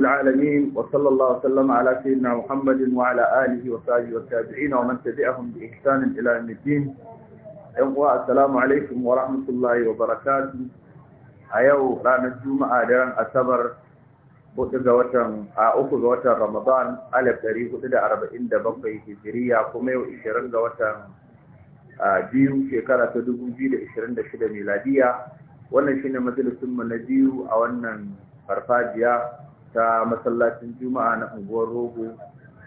العالمين وصلى الله وسلم على سيدنا محمد وعلى آله وصحبه والتابعين ومن تبعهم بإحسان إلى يوم الدين السلام عليكم ورحمة الله وبركاته أيو أسبر a uku ga watan da arba'in da bakwai kuma yau ishirin ga ta dubu da wannan shine mu na biyu a wannan ta masallacin juma'a na unguwar rogo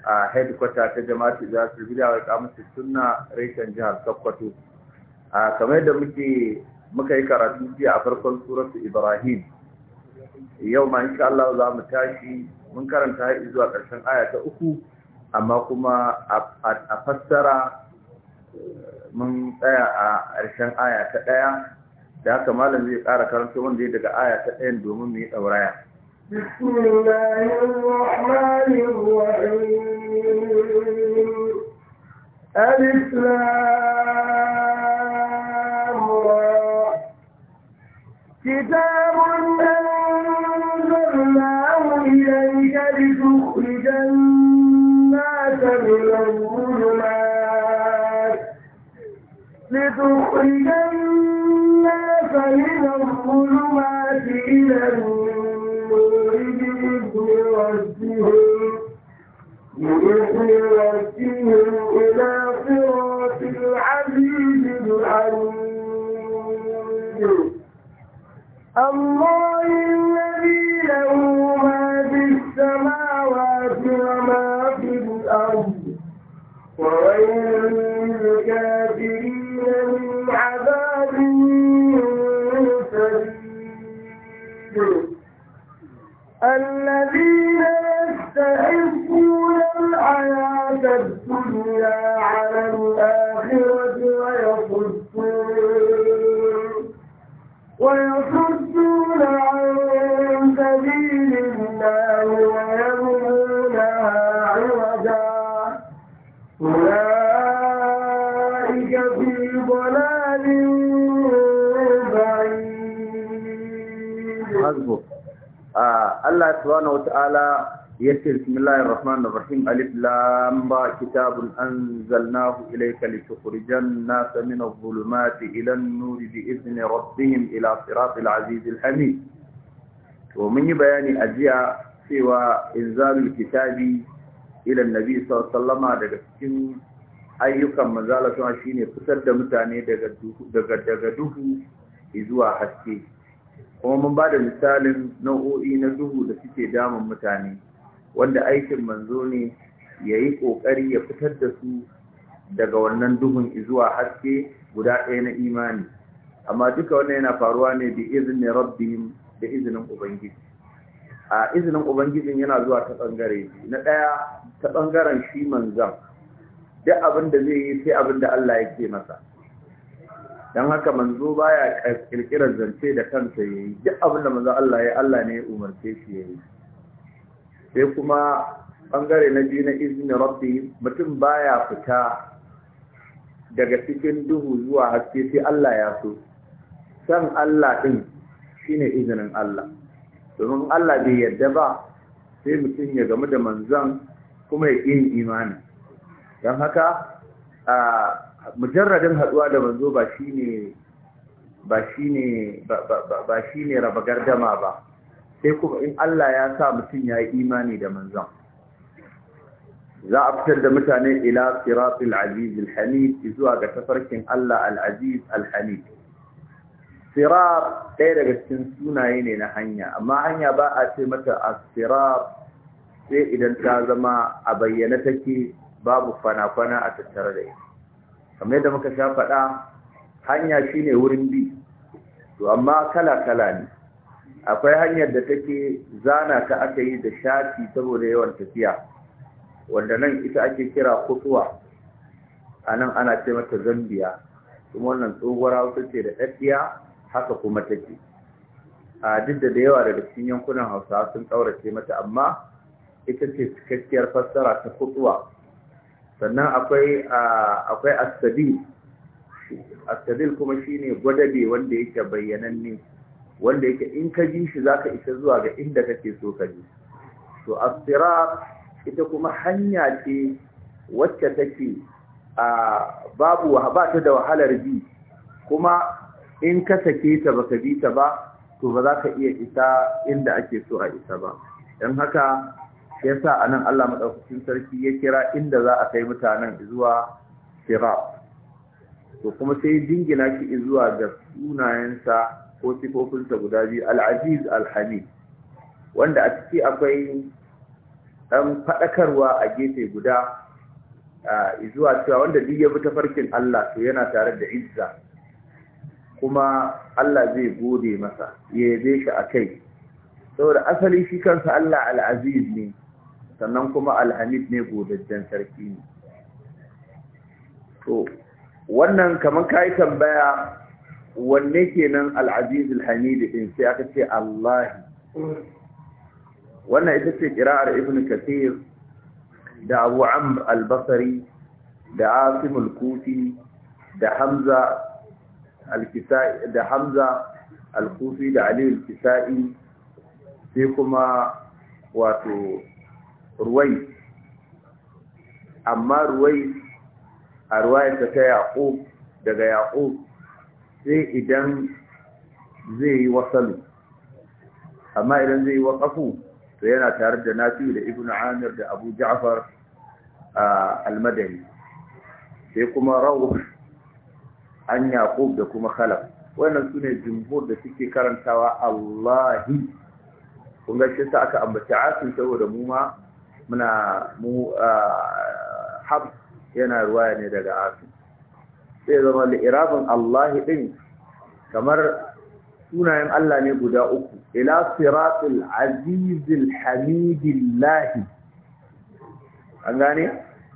a headquarter ta jama'atu za su gida wa kamusu sunna reshen jihar sokoto a kamar da muke muka yi karatu jiya a farkon suratu ibrahim yau ma insha Allah za mu tashi mun karanta har zuwa ƙarshen aya ta uku amma kuma a fassara mun tsaya a ƙarshen aya ta ɗaya da haka malam zai ƙara karanto wanda ya daga aya ta ɗayan domin mu yi ɗauraya بسم الله الرحمن الرحيم كتاب إليك لتخرج الناس من الظلمات لتخرج الناس من الظلمات إلى النور الذين إلى صراط الله الذي له ما في السماوات وما في الأرض من عذاب الذي الدنيا على الآخرة ويصدون ويصدون عن سبيل الله ويبغونها عوجا أولئك في ضلال بعيد آه، الله سبحانه وتعالى yace bismillahir rahmanir rahim alif lam ba kitabun anzalnahu ilayka litukhrijan nasa min adh-dhulumati ila an-nuri bi idni rabbihim ila siratil azizil to mun yi bayani a jiya cewa inzalul kitabi ila annabi sallallahu alaihi wasallama daga cikin ayyukan manzala sama shine fitar da mutane daga daga daga duhu zuwa haske kuma mun ba da misalin nau'o'i na duhu da suke daman mutane wanda aikin manzo ne ya yi ƙoƙari ya fitar da su daga wannan duhun zuwa haske guda ɗaya na imani amma duka wannan yana faruwa ne bi izinin rabbihim da izinin ubangiji a izinin ubangijin yana zuwa ta ɓangare na ɗaya ta ɓangaren shi manzan duk abin da zai yi sai abin da Allah ya ce masa don haka manzo baya ƙirƙirar zance da kansa ya yi duk abin da manzo Allah ya Allah ne ya umarce shi ya yi sai kuma bangare na biyu na izinin rabbi mutum baya fita daga cikin duhu zuwa haske sai Allah ya so san Allah din shine izinin Allah domin Allah bai yarda ba sai mutum ya gamu da manzan kuma ya ƙi imani don haka a mujarradin haɗuwa da manzo ba shine ba shine ba shine raba gardama ba sai kuma in Allah ya sa mutum ya yi imani da manzan. za a fitar da mutane ila siratul aziz al-hamid zuwa ga tafarkin Allah al-aziz al-hamid sirat ɗaya daga cikin sunaye ne na hanya amma hanya ba a ce mata a sirat sai idan ta zama a bayyana take babu kwana-kwana a tattare da ita kamar yadda muka sha faɗa hanya shine wurin bi to amma kala-kala ne akwai hanyar da take zana ta aka yi da shafi saboda yawan tafiya wanda nan ita ake kira kutuwa a nan ana ce mata zambiya kuma wannan tsohuwar hausa ce da ɗaɗɗiya haka kuma take a duk da da yawa daga cikin yankunan hausa sun ƙaurace mata amma ita ce cikakkiyar fassara ta kutuwa sannan akwai akwai astadil kuma shine gwadabe wanda yake bayyananne wanda yake in ka ji shi zaka isa zuwa ga inda kake so ka ji to as ita kuma hanya ce wacce take a babu ba ta da wahalar bi kuma in ka sake ta baka bi ta ba to ba za ka iya isa inda ake so a isa ba don haka shi yasa anan Allah madaukakin sarki ya kira inda za a kai mutanen zuwa sirat to kuma sai dingina shi zuwa ga sunayensa ko sifofinsa guda biyu al'aziz alhamid wanda a ciki akwai ɗan faɗakarwa a gefe guda zuwa cewa wanda duk ya bi tafarkin Allah to yana tare da izza kuma Allah zai gode masa ya yabe shi a kai saboda asali shi kansa Allah al'aziz ne sannan kuma alhamid ne godajjen sarki ne to wannan kamar kayi tambaya wanne kenan nan aziz al-hamid din sai aka ce Allah wannan ita ce kira'ar ibn kathir da abu amr al basari da asim kufi da hamza al kufi da ali al-kisai sai kuma wato ruwai amma ruwai a ruwayar ta yaqub daga yaqub sai idan zai yi wasalu amma idan zai yi waƙafu to yana tare da nafi da ibn amir da abu ja'far a almadani sai kuma rawuh an yaqub da kuma khalaf wannan su ne jumhur da suke karantawa allahi kunga shi sa aka ambaci asin saboda mu ma muna mu hab yana ruwaya ne daga asin sai zama li'irafin Allah din kamar sunayen Allah ne guda uku ila siratul azizil hamidillahi an gane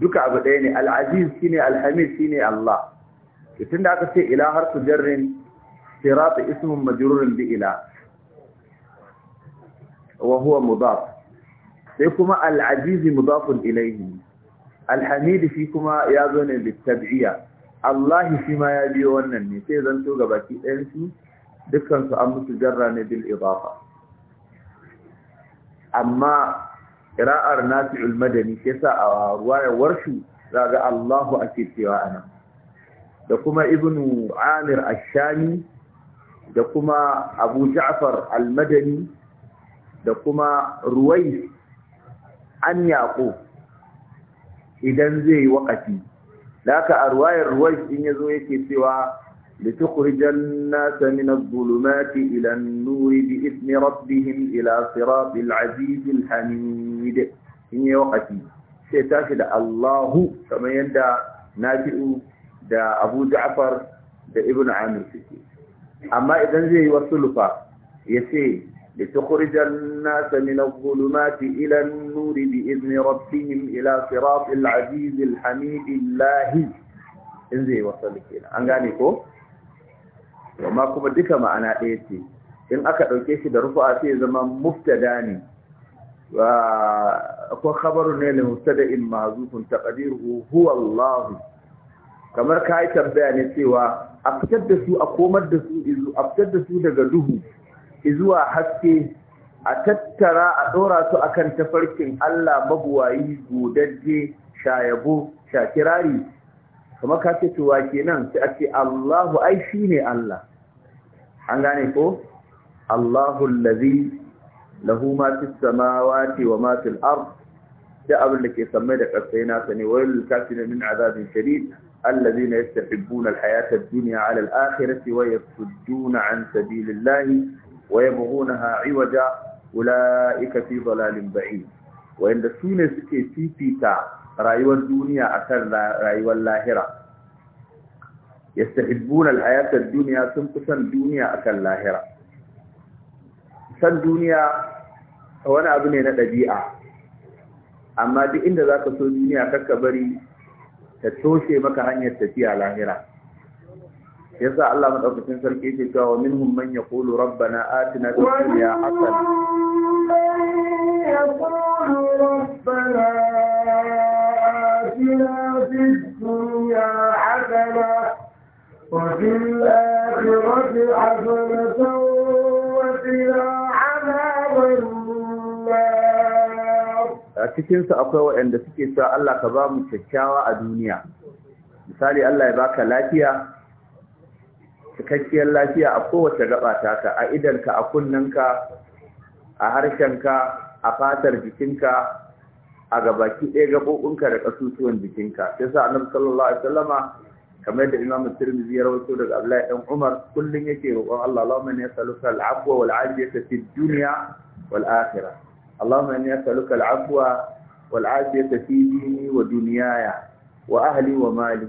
duka abu ɗaya ne al-aziz shine al-hamid shine Allah tun da aka ce ila harfu jarrin sirat ismun majrurun bi ila wa huwa mudaf sai kuma al-aziz mudafun ilaihi al shi kuma ya zo ne bi Allah shi ma ya biyo wannan ne sai zan ga baki ɗayan su dukkan su an musu jarra ne bil idafa amma ira'ar nafi'ul madani sai sa a ruwayar warshu ga Allahu ake cewa anan da kuma ibnu amir ashami da kuma abu ja'far al-madani da kuma ruwai an yaqo idan zai yi waƙafi laka a ruwayar ruwai in ya zo yake cewa da ta kuri janna ta minar bulumati ilan nuri bi ismi rabbihim ila siratul azizul hamid in yi wakati sai tashi da allahu kamar yadda na da abu ja'far da ibnu amir suke amma idan zai yi wasu lufa ya ce لتخرج الناس من الظلمات إلى النور بإذن ربهم إلى صراط العزيز الحميد الله in zai wasalli kenan an gane ko amma kuma duka ma'ana ɗaya ce in aka ɗauke shi da rufa sai ya zama muftada ne ko khabaru ne lil mubtada'in mahzufun taqdiruhu huwa Allah kamar kai tambaya cewa a fitar da su a komar da su a fitar da su daga duhu zuwa haske a tattara a ɗora su akan tafarkin Allah mabuwayi godadde shayabo shakirari kuma ka ce tuwa kenan sai a ce Allahu ai shine Allah an gane ko Allahu allazi lahu ma fis samawati wa ma fil ard da abin da ke samme da ƙasai nasa ne wayil kafirin min azabin shadid الذين يستحبون الحياة الدنيا على الآخرة ويصدون عن an sabilillahi wayabghunaha iwaja ulaika fi dalalin ba'id wayanda sune suke fifita rayuwar duniya akan rayuwar lahira yastahibbuna alhayat ad-dunya sun kusan duniya akan lahira san duniya wani abu ne na ɗabi'a. amma duk inda zaka so duniya karka bari ta toshe maka hanyar tafiya lahira yasa Allah madaukakin sarki yake cewa wa minhum man yaqulu rabbana atina fid dunya hasana yaqulu rabbana atina fid dunya hasana wa fil akhirati hasana wa qina a cikinsu akwai waɗanda suke cewa Allah ka ba mu kyakkyawa a duniya misali Allah ya baka lafiya cikakkiyar lafiya a kowace gaba ka a idanka a kunnanka a harshenka a fatar jikinka a gabaki ɗaya gaɓoɓinka da ƙasusuwan jikinka sai sa annabi sallallahu alaihi wasallama kamar da imamu tirmidhi ya rawaito daga abdullahi dan umar kullun yake roƙon Allah Allahumma inni as'aluka al-afwa wal afiyata fid dunya wal akhirah Allahumma inni as'aluka al-afwa wal afiyata fi dini wa dunyaya wa ahli wa mali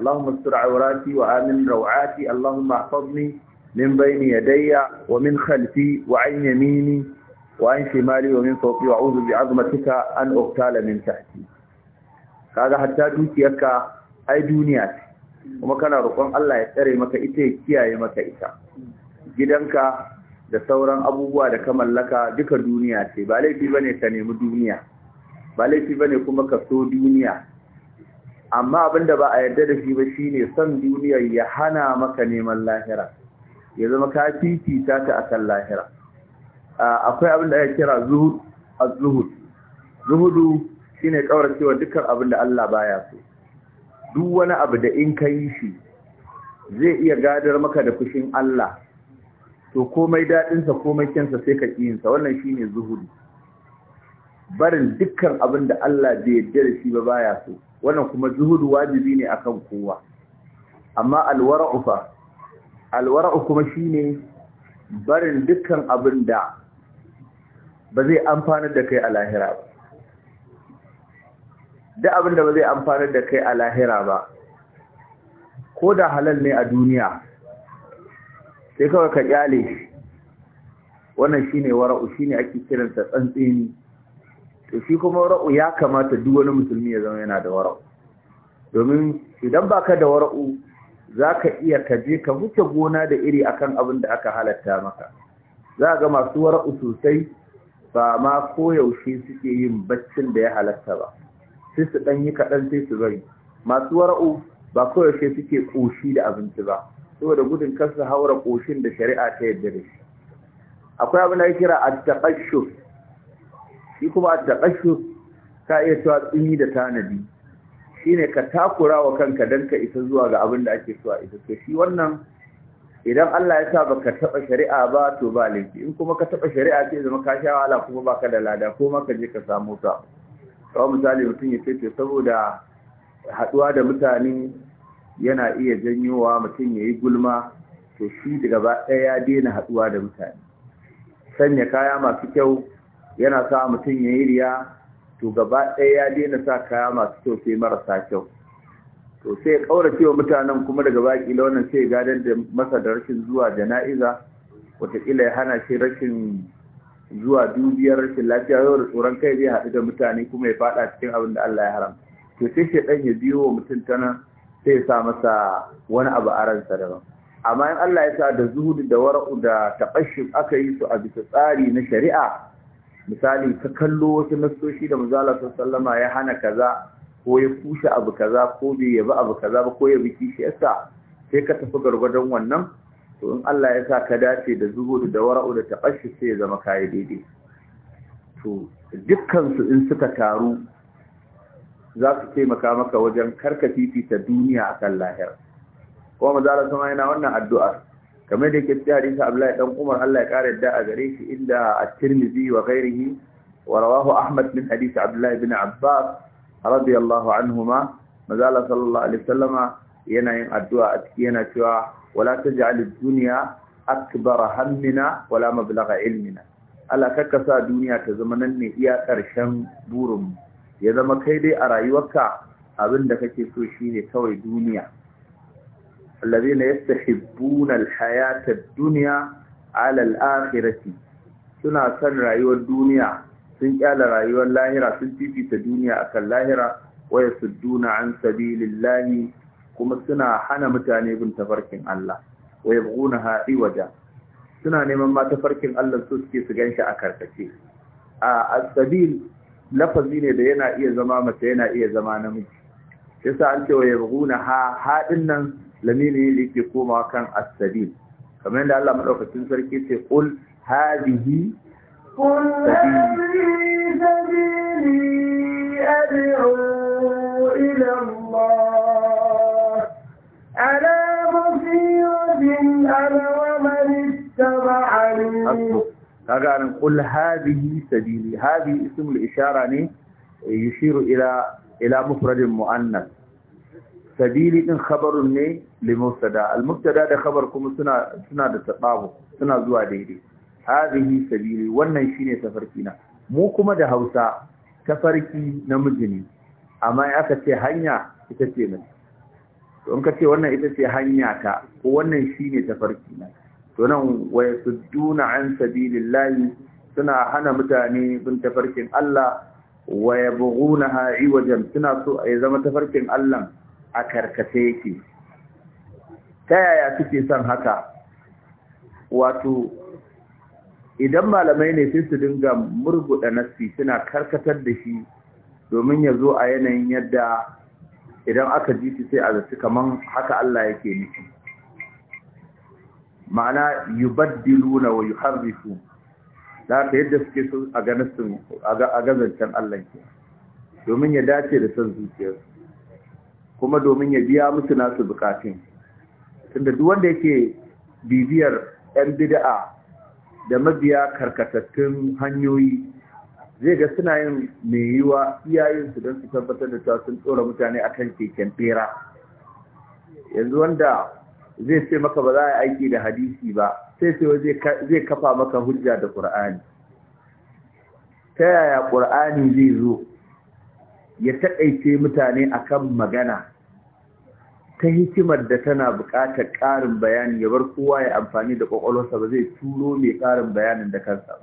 اللهم استر عوراتي وآمن روعاتي اللهم احفظني من بين يدي ومن خلفي وعن يميني وعن شمالي ومن فوقي وأعوذ بعظمتك أن أغتال من تحتي kaga hatta dukiyarka ai duniya ce kuma kana roƙon Allah ya tsare maka ita ya kiyaye maka ita gidanka da sauran abubuwa da ka mallaka duka duniya ce ba laifi bane ka nemi duniya ba laifi bane kuma ka so duniya amma abinda ba a yarda da shi ba shine son duniyar ya hana maka neman lahira ya zama ka fifita ta akan lahira akwai abin da ake kira zuhud az-zuhud zuhudu shine cewa dukkan abin da Allah baya so duk wani abu da in kai shi zai iya gadar maka da fushin Allah to komai dadin sa komai kensa sai ka ki sa wannan shine zuhudu barin dukkan abin da Allah bai yarda da shi ba baya so wannan kuma zuhudu wajibi ne akan kowa amma alwara'u fa alwara'u kuma shine barin dukkan abin da ba zai amfana da kai a lahira ba duk abin da ba zai amfana da kai a lahira ba ko da halal ne a duniya sai kawai ka kyale wannan shine wara'u shine ake kiransa tsantsini to shi kuma wara'u ya kamata duk wani musulmi ya zama yana da wara'u domin idan baka da wara'u zaka iya kaje ka huce gona da iri akan abin da aka halatta maka za ga masu wara'u sosai ba ma koyaushe suke yin baccin da ya halatta ba sai su ɗan yi kaɗan sai su bari masu wara'u ba koyaushe suke ƙoshi da abinci ba saboda gudun kasa haura ƙoshin da shari'a ta yadda da shi akwai abin da ya kira at-taqashshuf shi kuma a taƙashu ka iya cewa tsini da tanadi shi ne ka takura wa kanka don ka isa zuwa ga abin da ake so a isa to shi wannan idan Allah ya sa ba ka taɓa shari'a ba to ba laifi in kuma ka taɓa shari'a sai zama ka sha wahala kuma ba ka da lada ko ma ka je ka samu ka kawai misali mutum ya ce saboda haɗuwa da mutane yana iya janyowa mutum ya yi gulma to shi gaba ɗaya ya daina haɗuwa da mutane sanya kaya masu kyau yana sa mutum ya yi riya to gaba ɗaya ya daina sa kaya masu kyau sai marasa kyau to sai ya ƙaura cewa mutanen kuma daga baki launin sai ya da masa da rashin zuwa jana'iza wataƙila ya hana shi rashin zuwa dubiyar rashin lafiya yau da tsoron kai zai haɗu da mutane kuma ya faɗa cikin abin da Allah ya haram. to sai ɗan ya biyo wa mutum ta nan sai ya sa masa wani abu a ransa daban amma in Allah ya sa da zuhudu da wara'u da taɓashin aka yi su a bisa tsari na shari'a misali ka kallo wasu nasoshi da sun sallama ya hana kaza ko ya kushe abu kaza ko bai yabi abu kaza ba ko ya biki shi yasa sai ka tafi gargadon wannan to in Allah ya sa ka dace da zuhudu da wara'u da taqashshu sai ya zama kai daidai to dukkan su in suka taru za su taimaka maka wajen karka fifita duniya akan lahira kuma manzala sun yana wannan addu'ar kamar da ke cikin hadisi Abdullahi dan Umar Allah ya kare yadda a gare shi inda at-Tirmidhi wa ghairihi wa rawahu Ahmad min hadisi Abdullahi ibn Abbas radiyallahu anhuma mazala sallallahu alaihi wasallama yana yin addu'a a ciki yana cewa wala ta ad duniya akbar hammina wala mablagha ilmina Allah sa duniya ta zama nan ne iya ƙarshen burin ya zama kai dai a rayuwarka abin da kake so shine kawai duniya الذين يستحبون الحياة الدنيا على الآخرة suna son rayuwar duniya sun kyala rayuwar lahira sun fifita duniya akan lahira waya sudduna an sabilillahi kuma suna hana mutane bin tafarkin Allah waya buguna haɗi waja suna neman ma tafarkin Allah su suke su ganshi a karkace a asabil lafazi ne da yana iya zama mace yana iya zama namiji yasa an ce waya buguna ha haɗin nan Lamini ne yake koma kan as-sabil kamar yadda Allah madaukakin sarki ce qul hadhihi qul hadhihi kaga an qul hadhihi sabili hadhihi ismul ishara ne eh, yushiru ila ila mufradin muannas sabili din khabarun ne limubtada al-mubtada da khabar kuma suna suna da tababu suna zuwa daidai hadhihi sabili wannan shine tafarki na mu kuma da Hausa tafarki namiji ne amma aka ce hanya ita ce ne to in ka ce wannan ita ce hanya ta ko wannan shine tafarki na to nan waya yasudduna an sabilillahi suna hana mutane bin tafarkin Allah Waya wa hai iwajan suna so ya zama tafarkin Allah a karkace yake ta yaya suke son haka wato idan malamai ne sai su dinga murguɗa nassi suna karkatar da shi domin ya zo a yanayin yadda idan aka ji shi sai a zaci kaman haka Allah yake nufi ma'ana na wa yuharrifu da ta yadda suke so a ganin nassin a gazancen Allah ke domin ya dace da son zuciyarsu kuma domin ya biya musu nasu bukatun tunda duk wanda yake bibiyar yan bida'a da mabiya karkatattun hanyoyi zai ga suna yin mai yiwa iyayensu don su tabbatar da cewa sun tsora mutane kan keken bera yanzu wanda zai ce maka ba za a yi aiki da hadisi ba sai sai zai kafa maka hujja da ƙur'ani ta yaya ƙur'ani zai zo ya taƙaice mutane akan magana ta hikimar da tana buƙatar ƙarin bayani ya bar kowa ya amfani da ƙwaƙwalwarsa ba zai turo mai ƙarin bayanin da kansa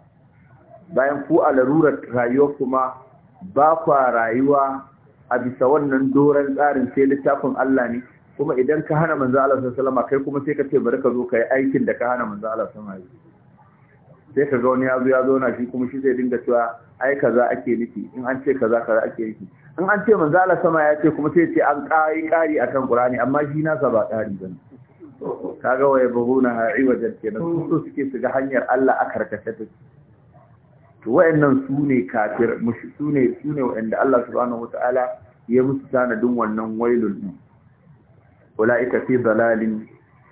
bayan ku a larurar rayuwa kuma ba kwa rayuwa a bisa wannan doron tsarin sai littafin Allah ne kuma idan ka hana manzo Allah sallallahu alaihi wasallam kai kuma sai ka ce bari ka zo ka aikin da ka hana manzo Allah sallallahu alaihi wasallam sai ka ga wani ya zo ya zo na shi kuma shi zai dinga cewa ai kaza ake nufi in an ce kaza kaza ake nufi in an ce manzo Allah sama ya ce kuma sai ce an kai kari akan Qur'ani amma shi na sa ba ƙari bane kaga waye buhuna ke kenan su suke su ga hanyar Allah a karkace ta to wayannan su ne kafir mushi su ne su ne wayanda Allah subhanahu wataala ya musu dun wannan wailul din ulaika fi dalalin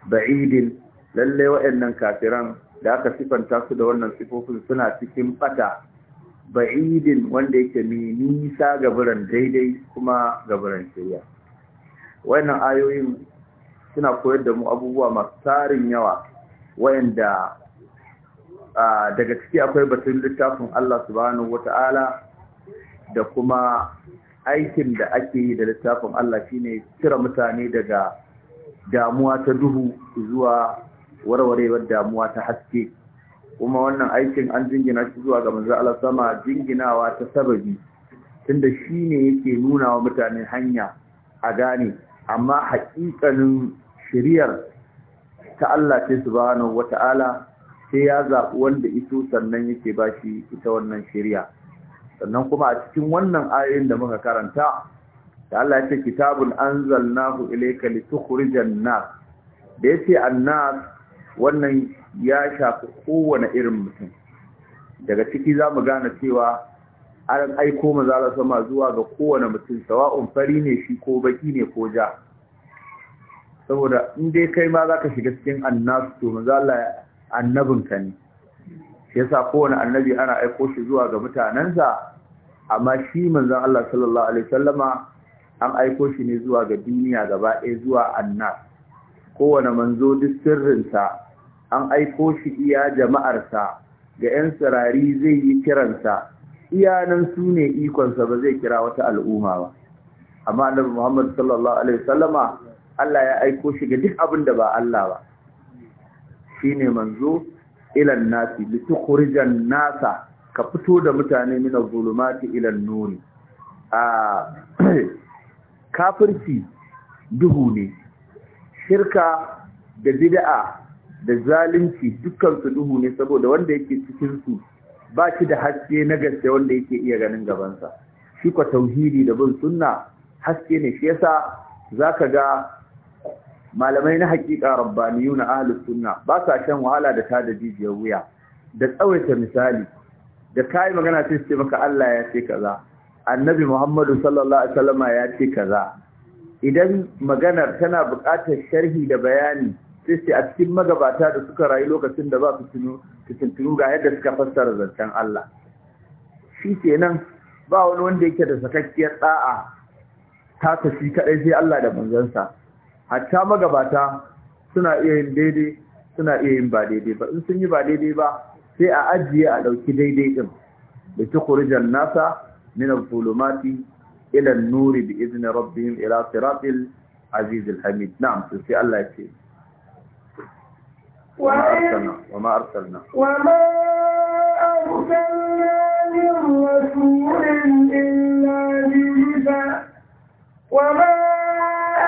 ba'idin lalle wayannan kafiran da aka sifanta su da wannan sifofin suna cikin bata ba'idin wanda yake mai nisa ga biran daidai kuma ga biran shirya wayannan ayoyin suna koyar da mu abubuwa masu tarin yawa wayanda daga ciki akwai batun littafin Allah subhanahu wata'ala da kuma aikin da ake yi da littafin Allah shine cire mutane daga damuwa ta duhu zuwa warwarewar damuwa ta haske kuma wannan aikin an jingina shi zuwa ga manzo Allah sama jinginawa ta sababi tunda shi ne yake nuna wa mutane hanya a gane amma haƙiƙanin shiriyar ta Allah ce subhanahu wata'ala sai ya zaɓi wanda ito sannan yake ba shi ita wannan shiriya sannan kuma a cikin wannan ayoyin da muka karanta da Allah ya ce kitabun anzalnahu ilayka litukhrijan nas da yace annas wannan ya shafi kowane irin mutum daga ciki za mu gane cewa an aiko mazala sama zuwa ga kowane mutum sawa'un fari ne shi ko baki ne ko ja saboda in dai kai ma za ka shiga cikin annasu to mazala annabinka ne shi yasa kowane annabi ana aiko shi zuwa ga mutanensa amma shi manzon Allah sallallahu alaihi wasallama an aiko shi ne zuwa ga duniya gaba ɗaya zuwa annas kowane manzo duk sirrinsa an aiko shi iya jama'arsa ga 'yan sirari zai yi kiransa iyanan su ne ikonsa ba zai kira wata al'umma ba amma annabi Muhammad sallallahu alaihi wasallama Allah ya aiko shi ga duk abin da ba Allah ba shine manzo ilan nasi litukhrijan nasa ka fito da mutane min zulumati ilan nuri a ah, kafirci duhu ne shirka da bid'a da zalunci dukkan su duhu ne saboda wanda yake cikin su ba shi da haske na gaske wanda yake iya ganin gabansa shi ko tauhidi da bin sunna haske ne shi yasa zaka ga malamai na rabbaniyu na ahlus sunna ba sa shan wahala da ta tada jijiyar wuya da tsawaita misali da kai magana sai ce maka Allah ya ce kaza annabi Muhammadu sallallahu alaihi wasallama ya ce kaza idan maganar tana buƙatar sharhi da bayani sai sai a cikin magabata da suka rayu lokacin da ba su tuntunu ga yadda suka fassara zancen Allah shi kenan ba wani wanda yake da sakakkiyar ɗa'a, ta tafi kaɗai sai Allah da manzansa hatta magabata suna iya yin daidai suna iya yin ba daidai ba in sun yi ba daidai ba sai a ajiye a ɗauki daidai ɗin da ci kurijan nasa min al fulumati إلى النور بإذن ربهم إلى صراط العزيز الحميد نعم في الله يكفي وما أرسلنا وما أرسلنا وما أرسلنا من رسول إلا بإذن وما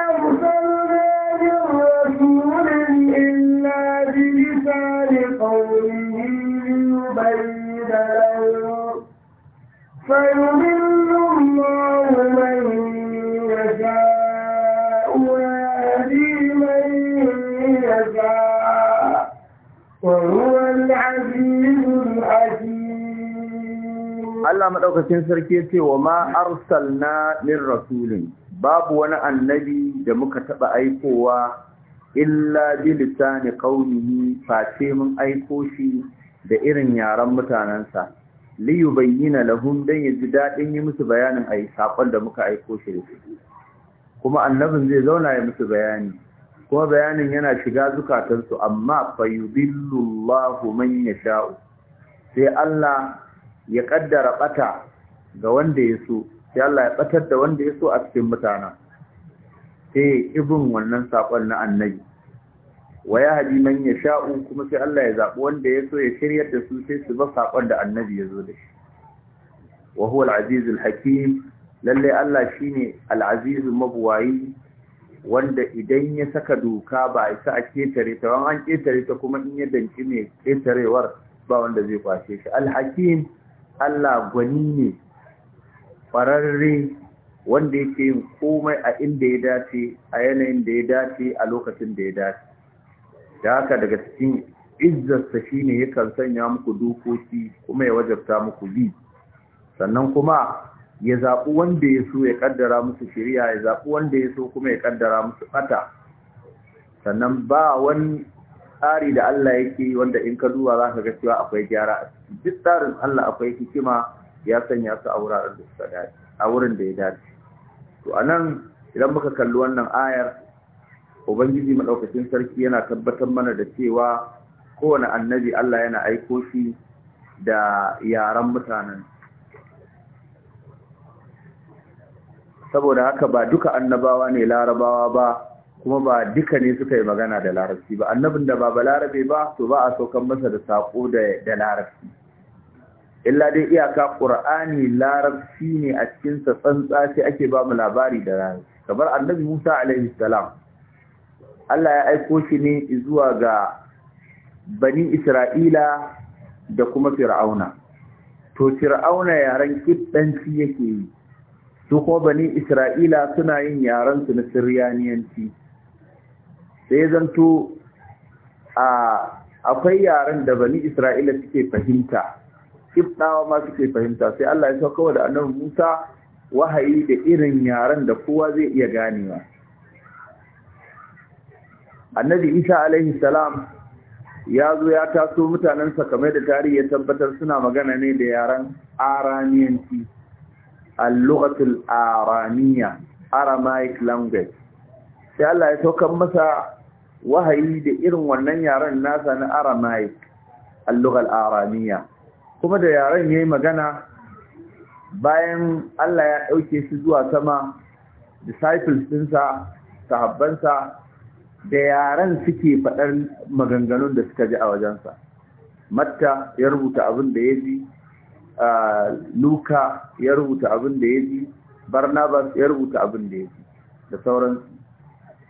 أرسلنا من رسول إلا بلسان قومه ليبين له فيمن Allah maɗaukacin sarki yace wa ma arsalna min rasulin babu wani annabi da muka taɓa aikowa illa bi lisani qaumihi face mun aiko shi da irin yaran mutanansa li yubayyana lahum dan yaji daɗin yi musu bayanin ai sakon da muka aiko shi kuma annabin zai zauna ya musu bayani kuma bayanin yana shiga zukatansu amma fa yudillu Allahu man yasha'u sai Allah ya kaddara bata ga wanda ya so sai Allah ya batar da wanda ya so a cikin mutana sai ibin wannan sakon na annabi wa ya hadi man ya sha'u kuma sai Allah ya zabi wanda ya so ya shiryar da su sai su ba sakon da annabi ya zo da shi wa huwa al-aziz al-hakim lalle Allah shine al-aziz mabuwayi wanda idan ya saka doka ba isa a ketare ta wani an ketare ta kuma in ya danci mai ketarewar ba wanda zai kwashe shi al-hakim Allah gwani ne ƙwararre wanda yake yin komai a inda ya dace a yanayin da ya dace a lokacin da ya dace da haka daga cikin izzarsa shine yakan sanya muku dokoki kuma ya wajabta muku bi sannan kuma ya zaɓi wanda ya so ya ƙaddara musu shirya ya zaɓi wanda ya so kuma ya ƙaddara musu ɓata sannan ba wani tsari da Allah yake wanda in ka duba za ka ga cewa akwai gyara a duk tsarin Allah akwai hikima ya sanya su a wuraren da suka dace a wurin da ya dace to anan idan muka kalli wannan ayar ubangiji madaukakin sarki yana tabbatar mana da cewa kowane annabi Allah yana aiko shi da yaran mutanen saboda haka ba duka annabawa ne larabawa ba kuma ba duka ne suka yi magana da larabci ba annabin da ba ba larabe ba to ba a saukan masa da sako da larabci illa dai iyaka qur'ani larabci ne a cikin sa tsantsa sai ake ba mu labari da rani kamar annabi Musa alaihi salam Allah ya aiko shi ne zuwa ga bani Isra'ila da kuma Fir'auna to Fir'auna yaren kibbanci yake yi su kuma bani Isra'ila suna yin yarensu na Siryaniyanci sai zanto a akwai yaren da bani Isra'ila suke fahimta kibdawa ma suke fahimta sai Allah ya sauka da annabi Musa wahayi da irin yaren da kowa zai iya ganewa annabi Isa alaihi salam ya zo ya taso mutanen sa kamar da tarihi ya tabbatar suna magana ne da yaren Aramiyanci, al-lughatul araniya aramaic language sai Allah ya sauka masa wahayi da irin wannan yaren nasa na aramaic al-lughal kuma da yaren ya yi magana bayan Allah ya ɗauke shi zuwa sama disciples ɗinsa sahabbansa da yaren suke faɗar maganganun da suka ji a wajensa matta ya rubuta abin da ya ji luka ya rubuta abin da ya ji barnabas ya rubuta abin da ya ji da sauransu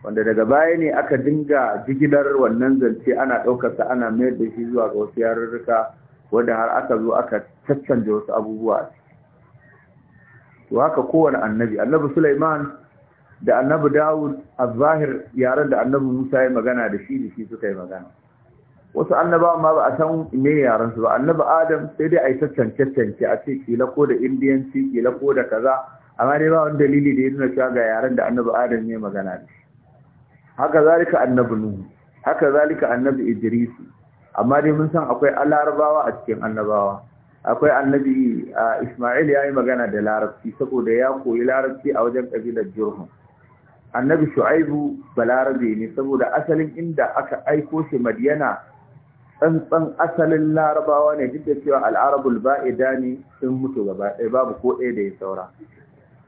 wanda daga baya ne aka dinga jigilar wannan zance ana ɗaukarsa ana mayar da shi zuwa ga wasu yarurruka wanda har aka zo aka caccanje wasu abubuwa a to haka kowane annabi annabi Sulaiman da annabi Dawud az-zahir yaran da annabi Musa ya magana da shi da shi suka yi magana wasu annaba ma ba a san me yaran su ba annabi Adam sai dai ai caccanje cancance a ce kila ko da Indiyanci kila ko da kaza amma dai ba wani dalili da ya nuna cewa ga yaran da annabi Adam ne magana da shi haka zalika annabi Nuhu haka zalika annabi Idris amma dai mun san akwai alarabawa a cikin annabawa akwai annabi Ismail ya yi magana da larabci saboda ya koyi larabci a wajen kabilar Jurhum annabi Shu'aibu balarabe ne saboda asalin inda aka aiko shi Madiyana tsantsan asalin larabawa ne duk da cewa al'arabul ba'ida ne sun mutu gaba ɗaya babu ko ɗaya da ya saura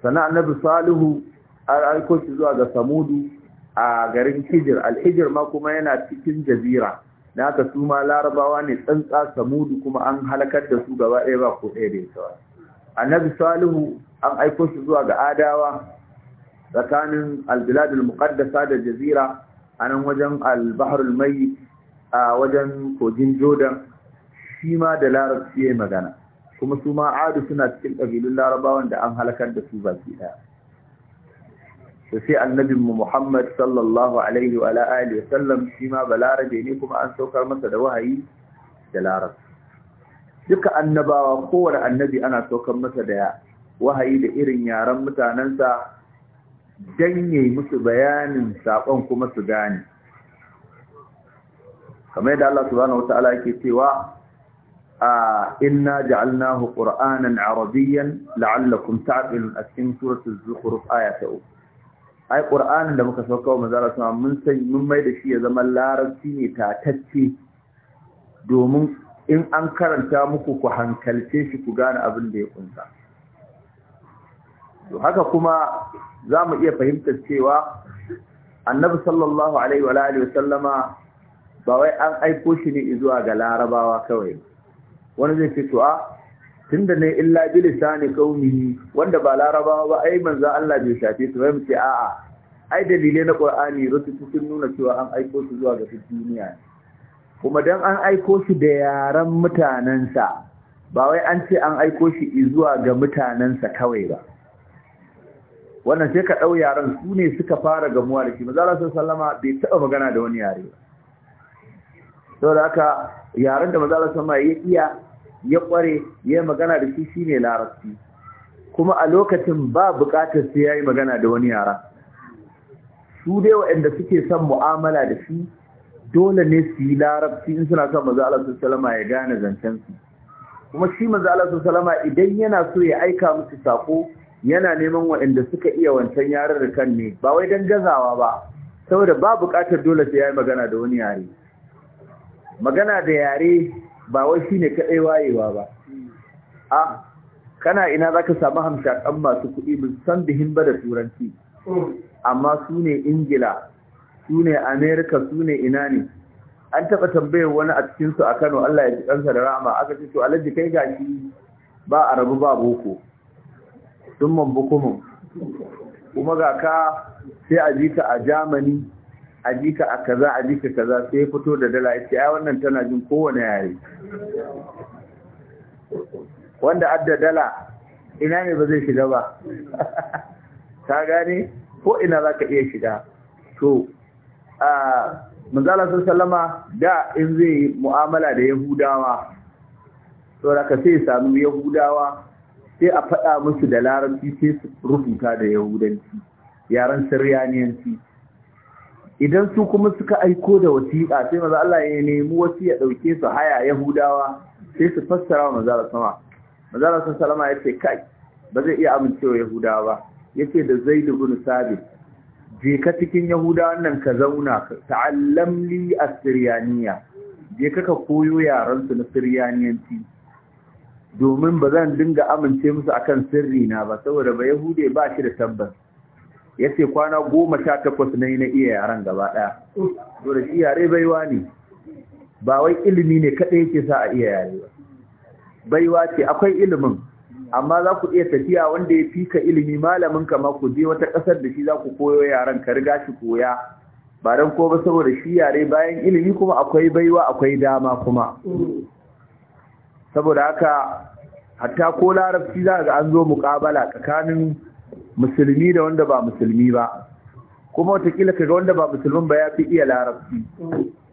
sannan annabi Salihu an aiko shi zuwa ga Samudu a garin Hijir alhijir ma kuma yana cikin jazira na haka su ma larabawa ne tsantsa samudu kuma an halakar da su gaba ɗaya ba ko ɗaya da tsawa annabi salihu an aiko su zuwa ga adawa tsakanin albiladul muqaddasa da jazira a nan wajen albaharul mai a wajen kogin jordan shi ma da larabci ya magana kuma su ma adu suna cikin ƙabilun larabawan da an halakar da su baki ɗaya to sai annabin mu Muhammad sallallahu alaihi wa alihi wasallam shi ma balarabe ne kuma an saukar masa da wahayi da larabci duka annabawa kowane annabi ana saukar masa da wahayi da irin yaren mutanensa sa yayi musu bayanin saƙon kuma su gane kamar yadda Allah subhanahu wata'ala yake cewa a inna ja'alnahu qur'anan arabiyyan la'allakum ta'qilun a cikin suratul zukhruf aya ta 3 ai ƙur'anin da muka sauka wa manzara suna mun sai mun mai da shi ya zama larabci ne tatacce domin in an karanta muku ku hankalce shi ku gane abin da ya kunsa to haka kuma za mu iya fahimtar cewa annabi sallallahu alaihi wa alihi wa sallama ba wai an aiko shi ne zuwa ga larabawa kawai wani zai ce to a tunda ne illa bilisani lisani qaumihi wanda ba larabawa ba ai manzo Allah bai shafe su ba mu a'a ai dalilai na Qur'ani rutu sun nuna cewa an aiko su zuwa ga duniya kuma dan an aiko shi da yaran mutanansa ba wai an ce an aiko shi zuwa ga mutanansa kawai ba wannan sai ka dau yaran su ne suka fara gamuwa da shi manzo Allah sallama bai taba magana da wani yare ba saboda haka yaran da manzo Allah sallama ya iya ya kware ya magana da shi shine larabci kuma a lokacin ba bukatar sai ya yi magana da wani yara su dai waɗanda suke son mu'amala da shi dole ne su yi larabci in suna son maza Allah sallama ya gane zancen su kuma shi maza Allah sallama idan yana so ya aika musu sako yana neman waɗanda suka iya wancan da kan ne ba wai don gazawa ba saboda ba buƙatar dole sai ya yi magana da wani yare magana da yare ba wai shi ne kaɗai wayewa ba a kana ina za zaka samu hamshakan masu kuɗi san bihin ba da turanci amma su ne ingila su ne amerika su ne ina ne an taɓa tambayar wani a cikinsu a kano allah ya ji ɗansa da rama aka ce to alhaji kai gashi ba a rabu ba boko sun man bukumin kuma ga ka sai a ji ka a germany a jika a kaza a jika kaza sai ya fito da dala ya ai wannan tana jin kowane yare wanda adda dala ina ne ba zai shiga ba ta gane ko ina za iya shiga to a manzala sun salama da in zai mu'amala da yahudawa to da ka sai sami yahudawa sai a faɗa musu da larabci sai su rubuta da yahudanci yaren siriyaniyanci idan su kuma suka aiko da wasiƙa sai maza Allah ya nemi wasu ya ɗauke su haya yahudawa sai su fassara wa maza sama maza Allah salama ya ce kai ba zai iya amincewa yahudawa ba ya ce da zai bin sabi. je ka cikin yahudawan nan ka zauna ta'allamli a siriyaniya je ka ka koyo yaransu na siriyaniyanci domin ba zan dinga amince musu akan sirri na ba saboda ba yahude ba shi da tabbas ya ce kwana goma sha takwas na yi na iya yaren gaba ɗaya dole shi yare baiwa ne ba wai ilimi ne kaɗai yake sa a iya yare ba baiwa ce akwai ilimin amma za ku iya tafiya wanda ya fi ka ilimi malamin ka ma ku je wata ƙasar da shi za ku koyo yaren ka riga shi koya ba don ko ba saboda shi yare bayan ilimi kuma akwai baiwa akwai dama kuma saboda haka hatta ko larabci za ga an zo muƙabala tsakanin musulmi da wanda ba musulmi ba kuma watakila kaga wanda ba musulmin ba ya fi iya larabci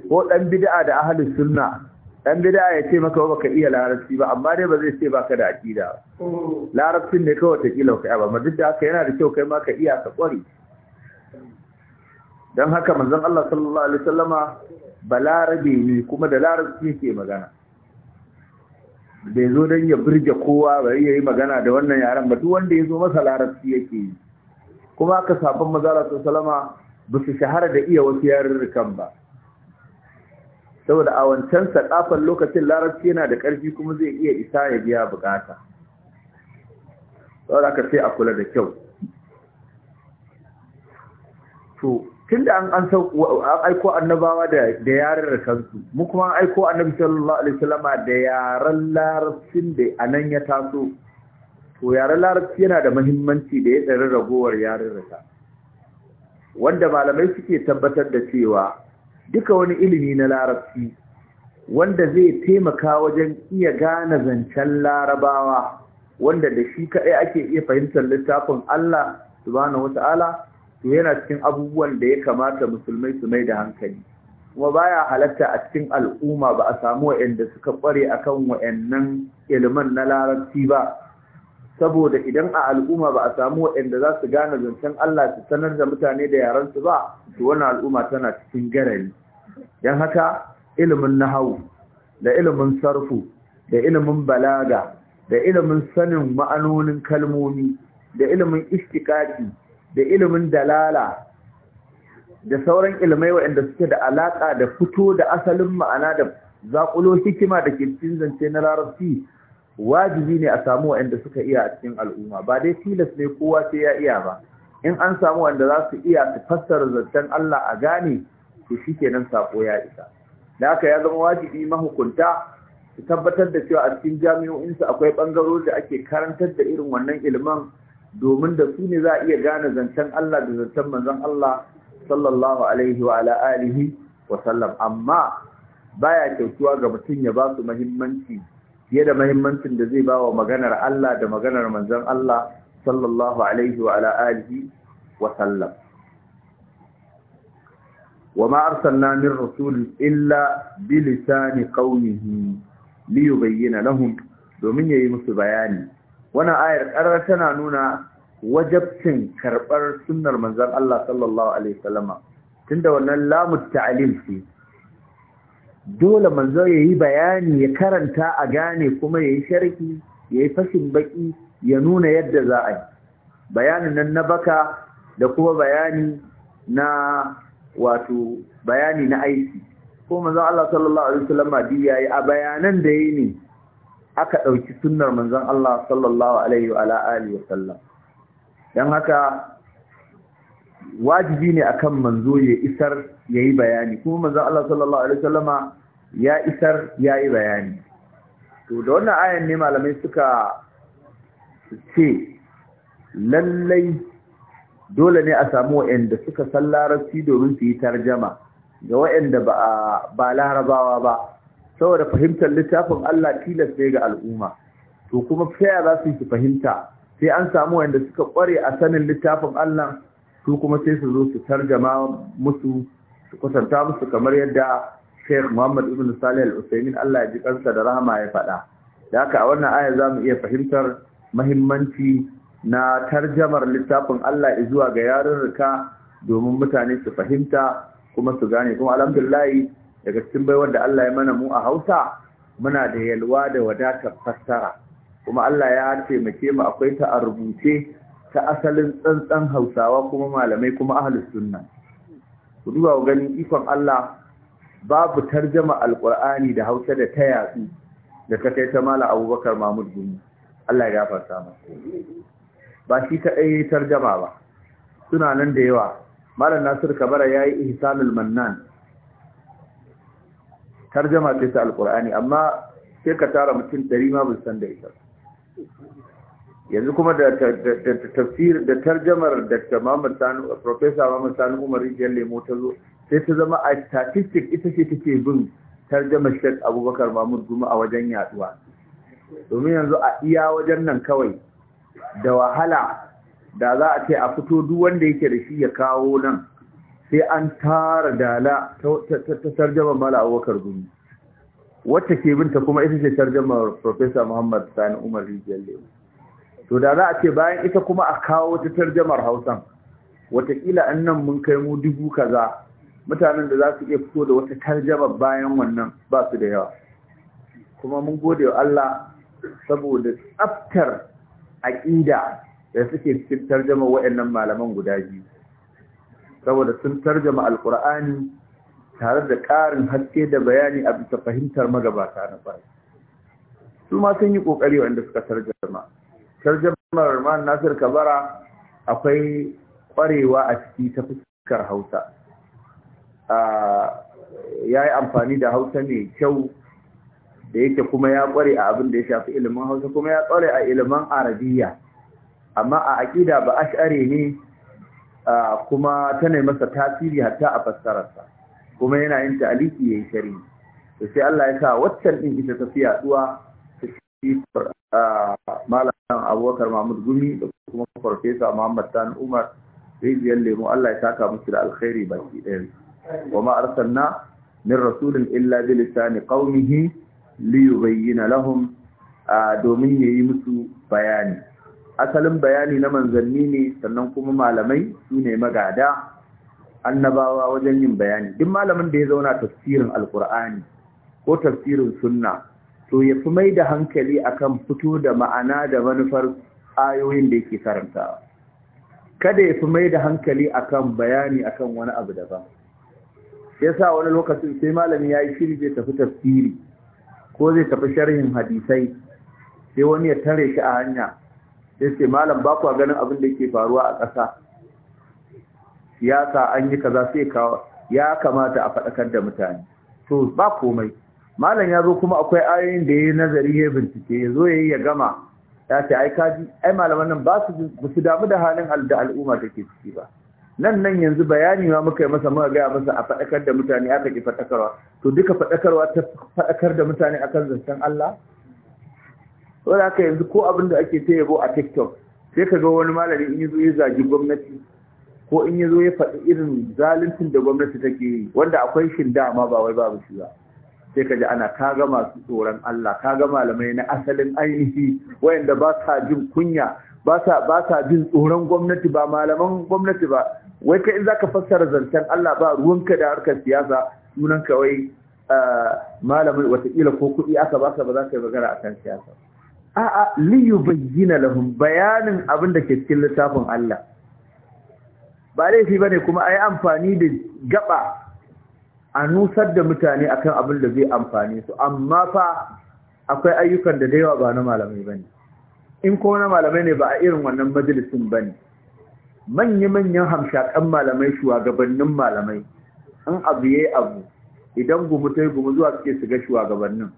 ko dan bid'a da ahalin sunna dan bida'a ya ce maka baka iya larabci ba amma dai ba zai ce baka da da. larabcin ne kawai watakila kai ba duk da haka yana da kyau kai ma ka iya ka kware Don haka manzon Allah sallallahu alaihi wasallama balarabe ne kuma da larabci ke magana bai zo don ya birge kowa bai yi magana da wannan yaren ba duk wanda ya zo masa larabci yake yi kuma aka sabon maza su salama ba su shahara da iya wasu yarurrukan ba saboda a wancan sakafan lokacin larabci yana da ƙarfi kuma zai iya isa ya biya bukata saboda aka sai a kula da kyau tunda an an aiko annabawa da da yaran kansu mu kuma an aiko annabi sallallahu alaihi wasallama da yaran larabcin da nan ya taso to yaran larabci yana da mahimmanci da ya tsare ragowar ta. wanda malamai suke tabbatar da cewa duka wani ilimi na larabci wanda zai taimaka wajen iya gane zancen larabawa wanda da shi kaɗai ake iya fahimtar littafin Allah subhanahu wata'ala to yana cikin abubuwan da ya kamata musulmai su mai da hankali kuma baya halatta a cikin al'umma ba a samu wa'anda suka kware akan wa'annan ilimin na larabci ba saboda idan a al'umma ba a samu wa'anda za su gane zancen Allah su sanar da mutane da yaran su ba to wannan al'umma tana cikin garari dan haka ilimin nahawu da ilimin sarfu da ilimin balaga da ilimin sanin ma'anonin kalmomi da ilimin istiqaqi da ilimin dalala da sauran ilmai waɗanda suke da alaƙa da fito da asalin ma'ana da zaƙulo hikima da ke cikin zance na larabci wajibi ne a samu waɗanda suka iya a cikin al'umma ba dai tilas ne kowa sai ya iya ba in an samu waɗanda za su iya su fassara zancen Allah a gane to shi shikenan saƙo ya isa da haka ya zama wajibi mahukunta su tabbatar da cewa a cikin jami'o'insu akwai ɓangarori da ake karantar da irin wannan ilman domin da su ne za a iya gane zancen Allah da zancen manzon Allah sallallahu alaihi wa ala alihi wa sallam amma baya kyautuwa ga mutum ya ba su muhimmanci fiye da muhimmancin da zai ba wa maganar Allah da maganar manzon Allah sallallahu alaihi wa ala alihi wa sallam وما أرسلنا من رسول إلا بلسان قومه ليبين لهم domin yayi musu bayani wannan ayar karar tana nuna wajabcin karɓar sunnar manzon Allah sallallahu alaihi tunda wannan lamu ta'lim ce dole manzo yayi bayani ya karanta a gane kuma yayi ya yayi fashin baki ya nuna yadda za a yi bayanin nan na baka da kuma bayani na wato bayani na aiki ko manzo Allah sallallahu alaihi wasallama bi a bayanan da yi ne aka ɗauki sunnar manzon Allah sallallahu alaihi wa alihi wa sallam dan haka wajibi ne akan manzo ya isar yayi bayani kuma manzon Allah sallallahu alaihi wa sallama ya isar yayi bayani to da wannan ayan ne malamai suka ce lallai dole ne a samu waɗanda suka san larabci domin su yi tarjama ga waɗanda ba larabawa ba saboda fahimtar littafin Allah tilas ne ga al'umma to kuma faya za su yi fahimta sai an samu wanda suka kware a sanin littafin Allah su kuma sai su zo su tarjama musu su kwatanta musu kamar yadda Sheikh Muhammad Ibn Salih Al-Utsaimin Allah ya ji kansa da rahama ya faɗa da haka a wannan aya za mu iya fahimtar mahimmanci na tarjamar littafin Allah zuwa ga yarurruka domin mutane su fahimta kuma su gane kuma alhamdulillah daga cikin baiwar da Allah ya mana mu a Hausa muna da yalwa da wadatar fassara kuma Allah ya taimake mu akwai ta a rubuce ta asalin tsantsan Hausawa kuma malamai kuma ahlus sunna ku duba ganin ikon Allah babu tarjama alqur'ani da Hausa da ta yatsu da ta kai ta mala Abubakar Mahmud Gumi Allah ya gafarta mu. ba shi kadai tarjama ba suna nan da yawa malam Nasir Kabara yayi ihsanul mannan tarjama ce ta alkur'ani amma sai ka tara mutum ɗari ma ba san da ita yanzu kuma da tafsir da tarjamar Dr. Muhammad Sanu Professor Muhammad Sanu Umar Rijiyar Lemo ta zo sai ta zama a statistic ita ce take bin tarjamar Sheikh Abubakar Mahmud Guma a wajen yaduwa domin yanzu a iya wajen nan kawai da wahala da za a ce a fito duk wanda yake da shi ya kawo nan sai an tara dala ta tarjama mala abubakar gumi wacce ke binta kuma ita ce tarjamar Profesa Muhammad Sani Umar Rijiyar Lewu. To da za a ce bayan ita kuma a kawo wata tarjamar Hausan, wataƙila an nan mun kai mu dubu kaza mutanen da za su iya fito da wata tarjamar bayan wannan ba su da yawa. Kuma mun gode wa Allah saboda tsaftar aƙida da suke cikin tarjamar waɗannan malaman guda biyu. saboda sun tarjama alkur'ani tare da ƙarin haske da bayani a bisa fahimtar magabata na ƙwarai su ma sun yi ƙoƙari wanda suka tarjama tarjamar man nasir kabara akwai ƙwarewa a ciki ta fuskar hausa ya yi amfani da hausa mai kyau da yake kuma ya ƙware a abin da ya shafi ilimin hausa kuma ya ƙware a ilimin arabiya amma a aƙida ba ash'are ne kuma tana masa tasiri hatta a fassararsa kuma yana yin ta'aliki yayin shari to sai Allah ya sa waccan din ita tafi yaduwa ta shi malam Abubakar Mahmud Gumi da kuma Farfesa Muhammad Tan Umar rijiyar lemu Allah ya saka musu da alkhairi baki ɗaya wa ma arsalna min rasulin illa bi lisani qaumihi li yubayyana lahum domin yayi musu bayani asalin bayani na manzanni ne sannan kuma malamai su ne magada annabawa wajen yin bayani duk malamin da ya zauna tafsirin alkur'ani ko tafsirin sunna to ya fi mai da hankali akan fito da ma'ana da manufar ayoyin da yake karantawa kada ya fi mai da hankali akan bayani akan wani abu daban sa wani lokacin sai malami ya yi shiri zai tafi tafsiri ko zai tafi sharhin hadisai sai wani ya tare shi a hanya sai ce malam ba kuwa ganin abin da yake faruwa a ƙasa siyasa an yi kaza sai ka ya kamata a faɗakar da mutane to ba komai malam ya zo kuma akwai ayoyin da ya yi nazari ya bincike ya zo ya yi ya gama ya ce ai kaji ai malaman nan ba su damu da halin da al'umma take ciki ba nan nan yanzu bayani ma muka yi masa muka gaya masa a faɗakar da mutane aka ki faɗakarwa to duka faɗakarwa ta faɗakar da mutane akan zancen Allah wadda aka yanzu ko abin da ake ta yabo a tiktok sai ka ga wani malami in yazo ya zagi gwamnati ko in yazo ya faɗi irin zaluncin da gwamnati take yi wanda akwai shin dama ba wai babu shi ba sai ka ji ana ka ga masu tsoron Allah ka ga malamai na asalin ainihi wayanda ba sa jin kunya ba sa jin tsoron gwamnati ba malaman gwamnati ba wai kai in zaka fassara zancen Allah ba ruwanka da harkar siyasa sunan kawai eh, malamai, wataƙila ko kuɗi aka baka ba za ka yi magana a kan siyasa a'a Liyu bayyana lahum bayanin abin da ke cikin littafin Allah ba laifi bane kuma ai amfani da gaba a nusar da mutane akan abin da zai amfane su amma fa akwai ayyukan da daiwa ba na malamai bane in ko na malamai ne ba a irin wannan majalisin bane manya-manyan hamshakan malamai shugabannin malamai an abu yayi abu idan gumu tai gumu zuwa suke shiga shugabannin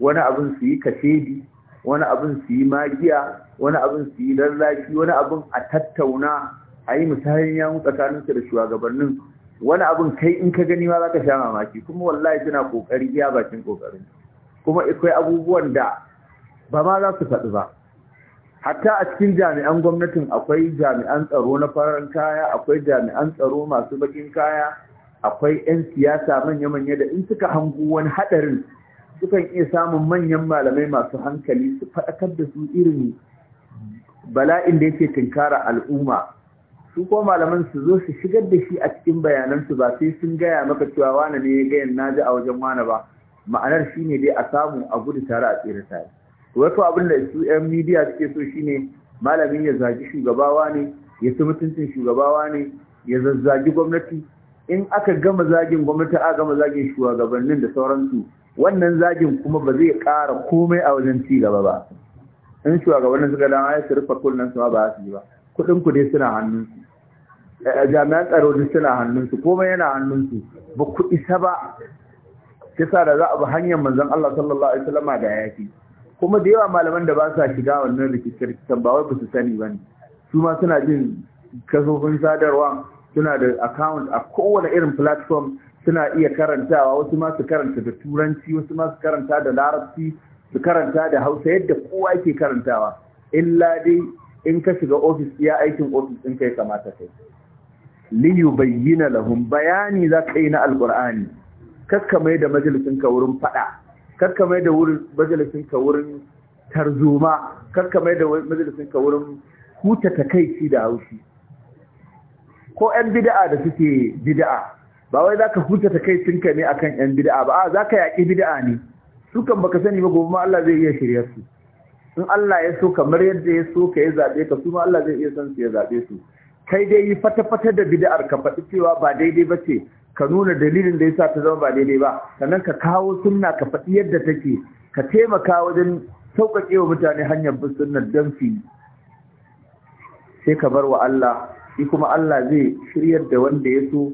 wani abin su yi kashedi wani abin su yi magiya wani abin su yi lallafi, wani abin a tattauna a yi misalin tsakanin tsakaninsu da shugabannin wani abin kai in ka gani ma za ka sha mamaki kuma wallahi suna kokari iya bakin kokarin kuma akwai abubuwan da ba ma za su faɗi ba hatta a cikin jami'an gwamnatin akwai jami'an tsaro na farar kaya akwai jami'an tsaro masu bakin kaya akwai 'yan siyasa manya-manya da in suka hango wani haɗarin sukan iya samun manyan malamai masu hankali su faɗakar da su irin bala'in da yake tunkara al'umma su ko malaman su zo su shigar da shi a cikin bayanansu ba sai sun gaya maka cewa wane ne ya gayan ji a wajen wane ba ma'anar shine dai a samu a gudu tare a tsere tare wato abin da su yan media suke so shine malamin ya zagi shugabawa ne ya ci mutuncin shugabawa ne ya zazzagi gwamnati in aka gama zagin gwamnati aka gama zagin shugabannin da sauransu wannan zagin kuma ba zai ƙara komai a wajen ci gaba ba in shugabannin suka dama ya su rufe kullun su ma ba su yi ba kuɗin ku dai suna hannun su eh, jami'an tsaro duk suna hannun su komai yana hannun su ba ku isa ba kisa da za a bi hanyar manzon Allah sallallahu alaihi wasallama da yaki kuma da yawa malaman da ba sa shiga wannan rikicin ba wai ba su sani ba ne su ma suna jin kasofin sadarwa suna da account a kowane irin platform suna iya karantawa wasu ma su karanta da turanci wasu ma su karanta da larabci su karanta da hausa yadda kowa yake karantawa illa dai in ka shiga ofis iya aikin ofis ɗin kai kamata kai liyu bayyana lahum bayani za ka yi na alkur'ani kakka mai da ka wurin faɗa kakka mai da ka wurin tarzoma kakka mai da ka wurin huta takaici da haushi ko 'yan bida'a da suke bida'a ba wai zaka huta ta kai tinka ne akan yan bid'a ba a zaka yaki bid'a ne su kan baka sani ba gobe ma Allah zai iya shirya su in Allah ya so kamar yadda ya so ka yi zaɓe ka su ma Allah zai iya san su ya zaɓe su kai dai yi fata-fata da bida'ar ka faɗi cewa ba daidai ba ce ka nuna dalilin da ya sa ta zama ba daidai ba sannan ka kawo sunna ka faɗi yadda take ka taimaka wajen sauƙaƙe wa mutane hanyar bin sunnar don fi sai ka bar wa Allah shi kuma Allah zai shiryar da wanda ya so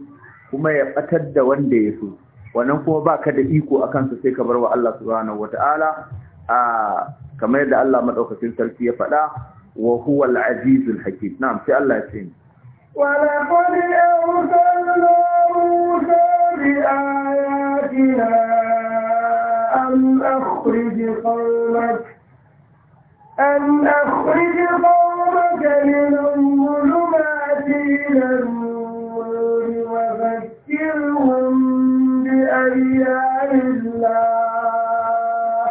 kuma ya ɓatar da wanda ya so wannan kuma ka da iko a su sai ka bar wa Allah subhanahu wataala a kamar yadda Allah madaukakin sarki ya faɗa wa huwa al-azizul hakim na'am sai Allah ya ce ولقد أرسلنا موسى بآياتنا an أخرج قومك أن أخرج قومك من الظلمات إلى النور وذكرهم بأيام الله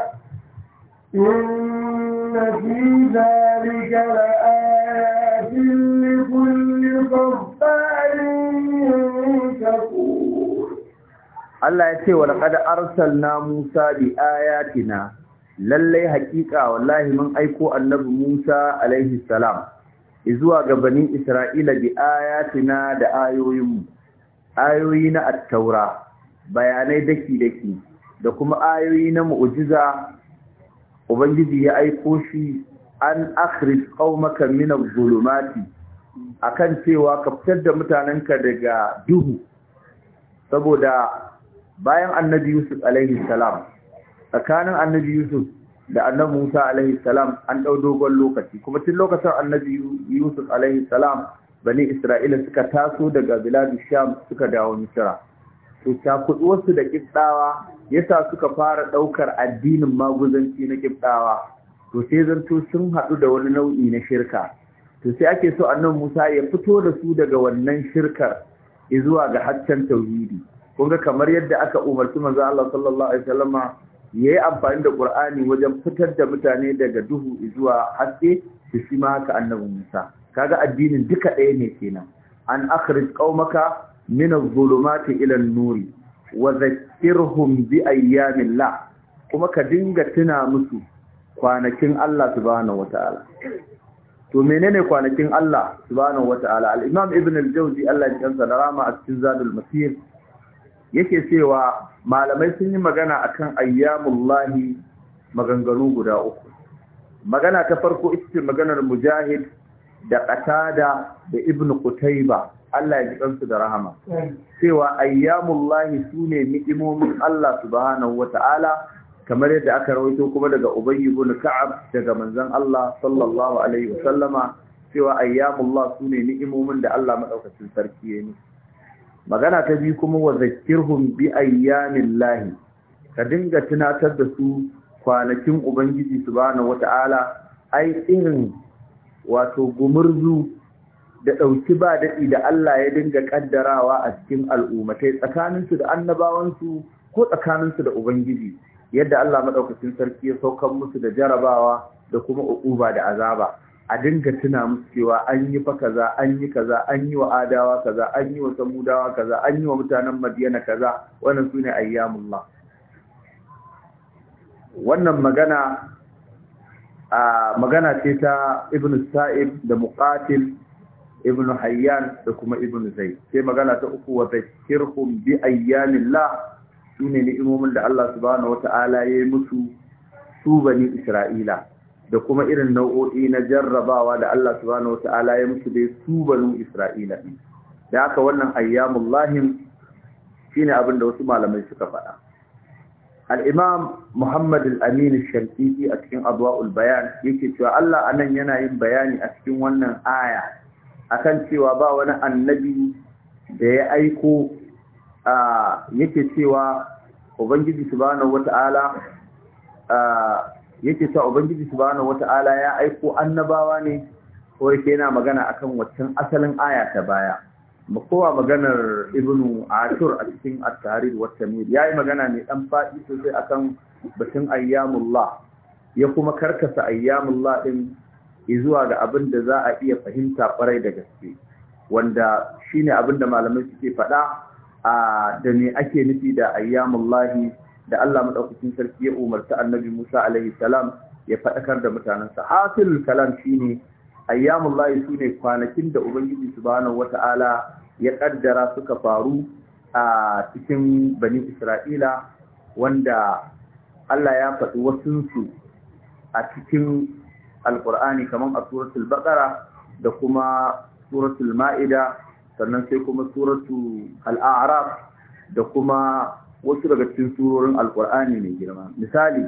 إن في ذلك لآيات لكل صبار شكور الله يتي ولقد أرسلنا موسى بآياتنا lallai haƙiƙa wallahi mun aiko annabi Musa alaihi salam zuwa gabanin Isra'ila bi ayatina da ayoyinmu ayoyi na attaura bayanai daki-daki da kuma ayoyi na mu'ujiza ubangiji ya aiko shi an akhrij qaumaka min adh-dhulumati akan cewa ka fitar da mutanenka daga duhu saboda bayan annabi Yusuf alaihi salam tsakanin annabi Yusuf da annabi Musa alaihi salam an dau dogon lokaci kuma tun lokacin annabi Yusuf alaihi salam bani isra'ila suka taso daga biladu sham suka dawo misra to wasu da kibdawa yasa suka fara daukar addinin maguzanci na ƙibɗawa. to sai zanto sun haɗu da wani nau'i na shirka to sai ake so annabi Musa ya fito da su daga wannan shirkar zuwa ga haccan tauhidi kun ga kamar yadda aka umarci manzo Allah sallallahu alaihi wasallama yayi amfani da Qur'ani wajen fitar da mutane daga duhu zuwa haske shi ma haka annabi Musa kaga addinin duka ɗaya ne kenan an akhrij qaumaka min adh-dhulumati ila an-nur wa zakkirhum bi ayyamillah kuma ka dinga tuna musu kwanakin Allah subhanahu wataala to menene kwanakin Allah subhanahu wataala al-imam ibn al-jawzi Allah ya kansa da rama a cikin zadul masir yake cewa malamai sun yi magana akan ayyamullahi maganganu guda uku magana ta farko ita ce maganar mujahid da ƙatada da ibn qutayba Allah ya ji da rahama cewa ayyamullahi sune ni'imomin Allah subhanahu ta'ala. kamar yadda aka rawaito kuma daga Ubay ibn Ka'ab daga manzon Allah sallallahu alaihi wasallama cewa ayyamullah sune ni'imomin da Allah madaukakin sarki ya ni. magana ta bi kuma wa zakirhum bi ayyamillahi ka dinga tunatar da su kwanakin ubangiji subhanahu wata'ala ai irin wato gumurzu da ɗauki ba daɗi da Allah ya dinga ƙaddarawa a cikin al'ummatai tsakaninsu da annabawansu ko tsakaninsu da Ubangiji yadda Allah maɗaukacin sarki ya saukan musu da jarabawa da kuma uba da azaba a dinga tuna musu cewa an yi fa kaza an yi kaza an yi wa adawa kaza an yi wa samudawa kaza an yi wa mutanen madiyana kaza wannan sune ayyamullah wannan magana magana ce ta ibn Sa'id da muqatil ibn hayyan da kuma ibn zayd sai magana ta uku wa zakirhum bi ayyamillah sune ni'imomin da Allah subhanahu wata'ala ya yi musu su bani isra'ila da kuma irin nau'o'i na jarrabawa da Allah subhanahu wata'ala ya musu dai su banu isra'ila da haka wannan ayyamullahin shine abin da wasu malamai suka faɗa al'imam Muhammad al'amini shamsiki a cikin abuwa'ul bayan yake cewa Allah a nan yana yin bayani a cikin wannan aya akan cewa ba wani annabi da ya aiko yake cewa Ubangiji subhanahu wata'ala yake cewa Ubangiji subhanahu wata'ala ya aiko annabawa ne ko yake yana magana akan waccan asalin aya ta baya kowa maganar ibnu ashur a cikin at-tahrir wa tamir yayi magana ne dan faɗi sosai akan batun ayyamullah ya kuma karkasa ayyamullah din zuwa ga abin da za a iya fahimta kwarai da gaske wanda shine abin da malamai suke faɗa a da me ake nufi da ayyamullahi da Allah madaukakin sarki ya umarta annabi Musa alaihi salam ya faɗakar da mutanensa hasil kalam shine ayyamullahi sune kwanakin da ubangiji subhanahu wata'ala ya kaddara suka faru a cikin bani Isra'ila wanda Allah ya faɗi wasunsu a cikin Alƙur'ani kamar a suratul baƙara da kuma suratul Ma'ida sannan sai kuma suratul Al'araf da kuma wasu daga cikin surorin Alƙur'ani mai girma. Misali,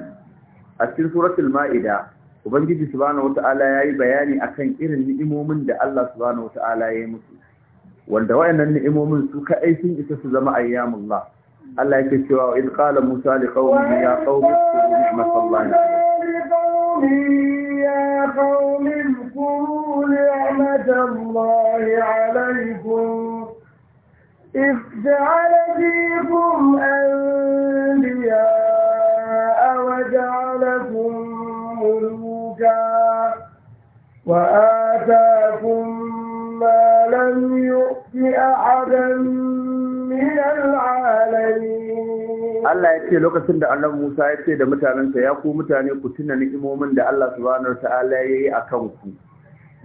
a cikin suratul Ma'ida Ubangiji subhanahu wata'ala ya yi bayani akan irin ni'imomin da Allah subhanahu wata'ala ya yi musu. wanda wayannan ni'imomin su ai sun isa su zama ayyamullah Allah yake cewa in qala Musa li qaumi ya qaumi اذكروا نعمة الله يا قوم اذكروا نعمة الله إذ جعل فيكم أنبياء وجعلكم ملوكا وآتاكم ولم يؤت أحدا من العالمين ya ce lokacin da Annabi Musa ya ce da mutanensa ya ku mutane ku tuna ni'imomin da Allah subhanahu wataala yayi akan ku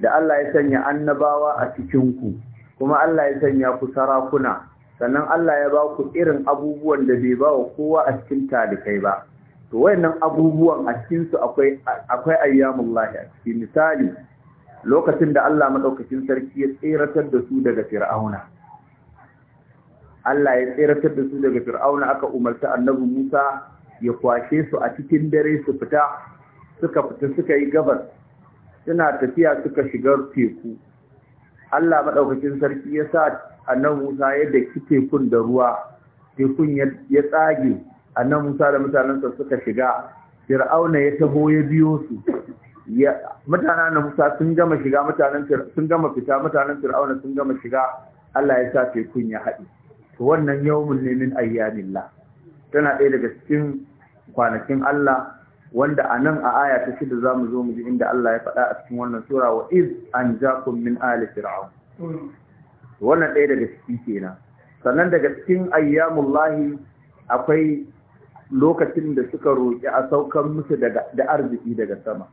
da Allah ya sanya annabawa a cikin ku kuma Allah ya sanya ku sarakuna sannan Allah ya ba ku irin abubuwan da bai ba wa kowa a cikin talikai ba to wayannan abubuwan a cikin su akwai akwai ayyamullahi a cikin misali lokacin da Allah Maɗaukacin sarki ya tseratar da su daga fir'auna Allah ya tseratar da su daga fir'auna aka umarta annabi Musa ya kwashe su a cikin dare su fita suka fita suka yi gabas suna tafiya suka shiga teku Allah madaukakin sarki ya sa annabi Musa ya daki tekun da ruwa tekun ya tsage annabi Musa da mutanensa suka shiga fir'auna ya taho ya biyo su mutanen Musa sun gama shiga mutanen sun gama fita mutanen Fir'auna sun gama shiga Allah ya sa tekun ya haɗi to wannan yawmun ne min ayyamillah tana ɗaya daga cikin kwanakin Allah wanda a nan a aya ta shida zamu zo mu ji inda Allah ya faɗa a cikin wannan sura wa iz an min ali fir'aun wannan ɗaya daga ciki kenan sannan daga cikin ayyamullahi akwai lokacin da suka roƙi a saukan musu daga da arziki daga sama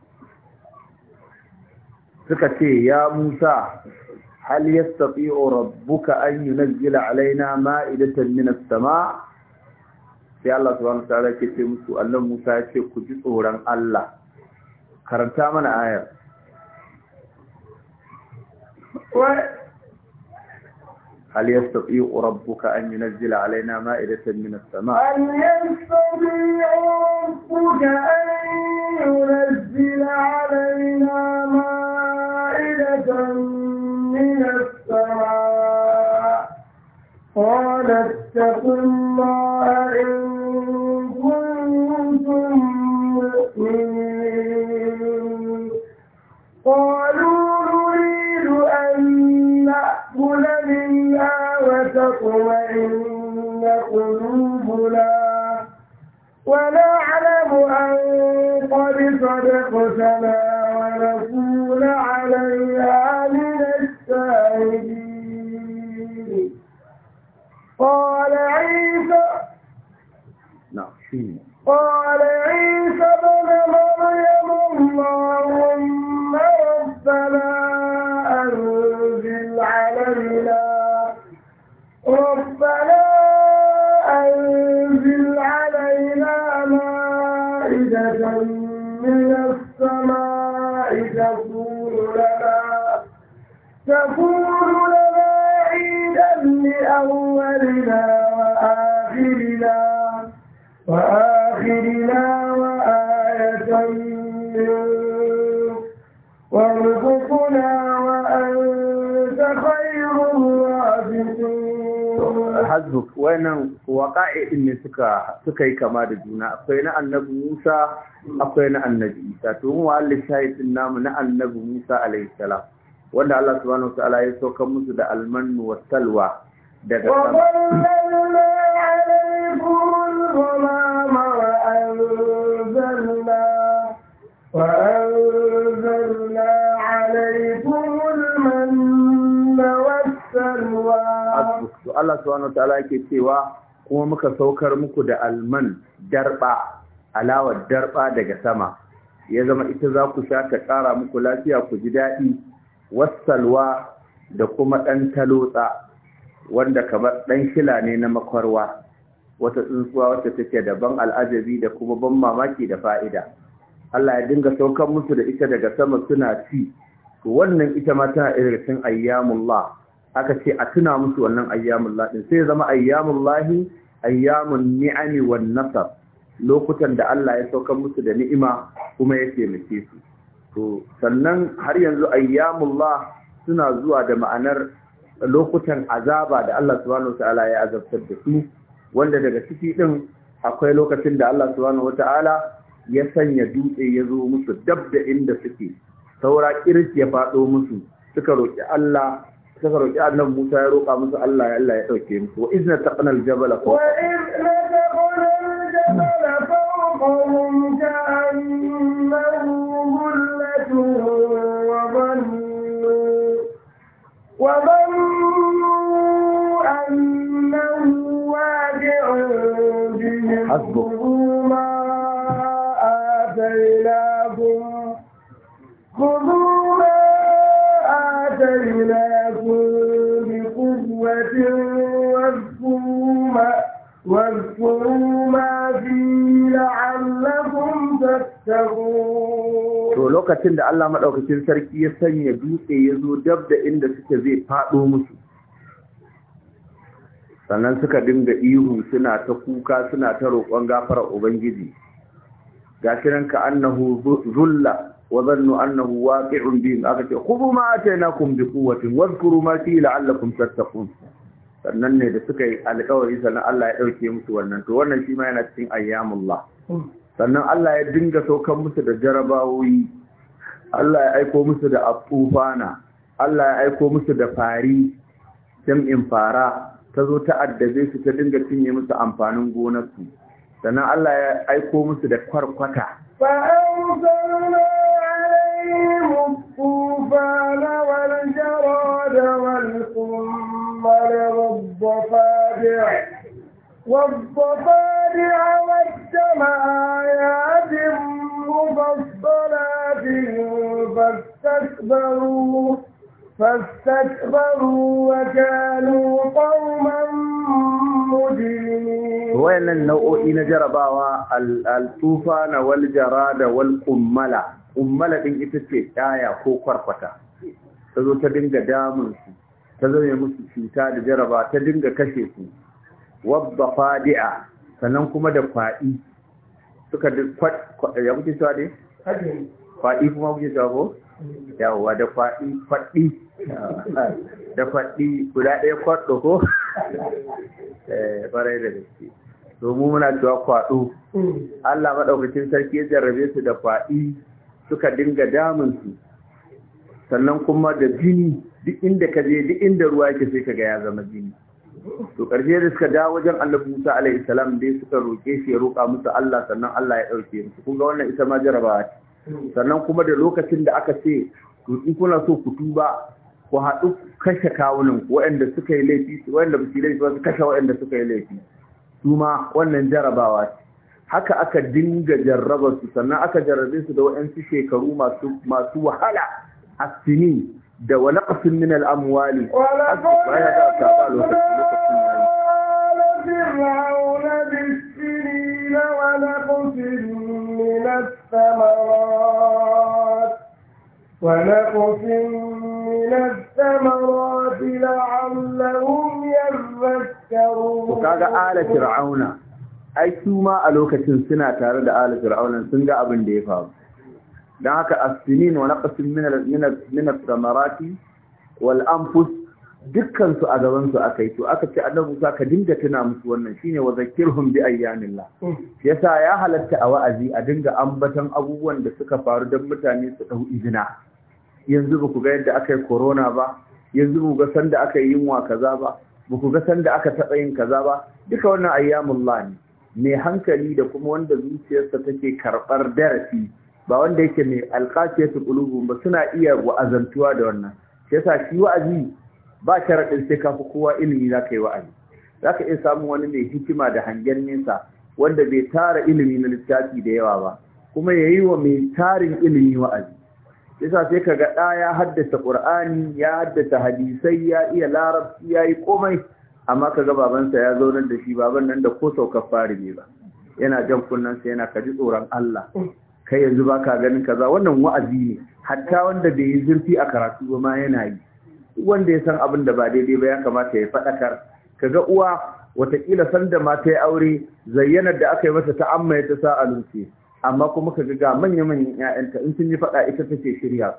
suka ce ya Musa hal yastati'u rabbuka an yunzila alaina ma'idatan min sama sai Allah subhanahu wa ta'ala ke ce musu Allah Musa ya ce ku ji tsoron Allah karanta mana ayar هل يستطيع ربك أن ينزل علينا مائدة من السماء هل يستطيع ربك أن ينزل علينا مائدة من السماء قال اتقوا الله إن كنتم مؤمنين قالوا نريد أن نأكل منها وتطمئن قلوبنا ونعلم أن قد صدقتنا يكون عليها من الشاهدين قال عيسى نعم، قال عيسى بن مريم اللهم ربنا تكون لنا عيدا لأولنا وآخرنا وآخرنا وآية وارزقنا وأنت خير الرازقين wannan waƙa'idin ne suka suka yi kama da juna akwai na annabi Musa akwai na annabi Isa to mu wa Allah shahidin namu na annabi Musa alaihi salam wanda Allah subhanahu wataala ya sauka musu da almannu wa salwa daga Allah subhanahu wataala yake cewa kuma muka saukar muku da alman darba alawar darba daga sama ya zama ita za ku sha ta ƙara muku lafiya ku ji daɗi wassalwa da kuma ɗan talotsa wanda kamar ɗan kila ne na makwarwa wata tsuntsuwa wacce take da ban al'ajabi da kuma ban mamaki da fa'ida Allah ya dinga saukan musu da ita daga sama suna ci to wannan ita ma tana irin cin ayyamullah aka ce a tuna musu wannan ayyamullah din sai zama ayyamullahi ayyamun ni'ami wan nasar lokutan da Allah ya saukan musu da ni'ima kuma ya taimake su to sannan har yanzu ayyamullah suna zuwa da ma'anar lokutan azaba da Allah subhanahu wataala ya azabtar da su wanda daga ciki din akwai lokacin da Allah subhanahu wataala ya sanya dutse ya zo musu dab da inda suke saura kiris ya faɗo musu suka roƙi Allah suka roƙi annabi Musa ya roƙa musu Allah ya Allah ya dauke musu wa izna taqna al-jabal fa wa izna jabal fa وظنوا أنه واجع بهم خذوا ما آتيناكم بقوة واذكروا ما واذكروا ما فيه لعلكم تتقون lokacin da Allah maɗaukacin sarki ya sanya dutse ya zo dab da inda suke zai faɗo musu sannan suka dinga ihu suna ta kuka suna ta roƙon gafara ubangiji shi nan ka annahu zulla wa zannu annahu waqi'un bihim aka ce khudhu ma atainakum bi quwwatin wadhkuru ma fihi la'allakum tattaqun sannan ne da suka yi alƙawari sannan Allah ya ɗauke musu wannan to wannan shi ma yana cikin ayyamullah sannan Allah ya dinga saukan musu da jarabawoyi Allah ya aiko musu da abubana Allah ya aiko musu da fari jam'in fara ta zo ta addabe su ta dinga cinye musu amfanin gonarsu sannan Allah ya aiko musu da kwarkwata والجراد والقمر والضفادع والضفادع والدم آيات مفصلات فاستكبروا فاستكبروا وكانوا قوما مجرمين وين النوعين جرباوا الطوفان والجراد والقملة قملة din ita ce ɗaya ko kwarkwata ta zo ta dinga damun su ta zame musu cuta da jaraba ta dinga kashe su wadda fadi'a sannan kuma da kwaɗi suka kwaɗi ya kuke cewa dai? kwaɗi kuma kuke cewa ko? yawwa da kwaɗi kwaɗi da kwaɗi guda ɗaya kwaɗo ko? Eh, ƙwarai da gaske domin muna cewa kwaɗo Allah maɗaukacin sarki ya jarrabe su da kwaɗi suka dinga damun su. sannan kuma da jini duk inda ka je duk inda ruwa ke sai ka ga ya zama jini to ƙarshe da suka dawo wajen Allah Musa alaihi salam dai suka roƙe shi ya roƙa musu Allah sannan Allah ya ɗauke musu kun ga wannan ita ma jarabawa ce sannan kuma da lokacin da aka ce to in kuna so ku tuba ku haɗu kashe kawunan waɗanda suka yi laifi waɗanda ba su laifi ba su kashe waɗanda suka yi laifi su ma wannan jarabawa ce haka aka dinga jarrabar su sannan aka jarrabe su da waɗansu shekaru masu masu wahala asini da wani ƙasin min al'amwali. Wala ƙasin min al'amwali. فرعون بالسنين ونقص من الثمرات من الثمرات لعلهم يذكرون آل فرعون ai su ma a lokacin suna tare da ala fir'aunan sun ga abin da ya faru don haka asinin wa naqsin min dukkansu a gabansu su aka yi to aka ce annabi Musa ka dinga tuna musu wannan shine wa zakirhum bi ayyamillah yasa ya halatta a wa'azi a dinga ambatan abubuwan da suka faru dan mutane su dau izina yanzu ba ku ga yadda aka yi corona ba yanzu ba ku ga sanda aka yi yunwa kaza ba ba ku ga sanda aka taɓa yin kaza ba duka wannan ayyamullah ne mai hankali da kuma wanda zuciyarsa take karɓar darasi ba wanda yake mai alƙasiyatu qulubum ba suna iya wa'azantuwa da wannan yasa shi wa'azi ba raɗin sai ka fi kowa ilimi za ka yi wa'azi za ka iya samun wani mai hikima da hangen nesa wanda bai tara ilimi na littafi da yawa ba kuma ya yi wa mai tarin ilimi wa'azi yasa sai ka ga ɗaya ya haddasa ƙur'ani ya haddasa hadisai ya iya larabci ya yi komai amma ka ga babansa ya zo nan da shi baban nan da ko saukar fari ne ba yana jan kunnensa yana ka ji tsoron Allah kai yanzu ba ka ganin kaza wannan wa'azi ne hatta wanda bai yi zurfi a karatu ba ma yana yi wanda ya san abin da ba daidai ba ya kamata ya faɗakar Ka ga uwa watakila sanda mata mata yi aure zayyanar da aka yi mata ta amma ya ta sa a lunce amma kuma ka ga manya-manyan 'ya'yanta in sun yi faɗa ita take shirya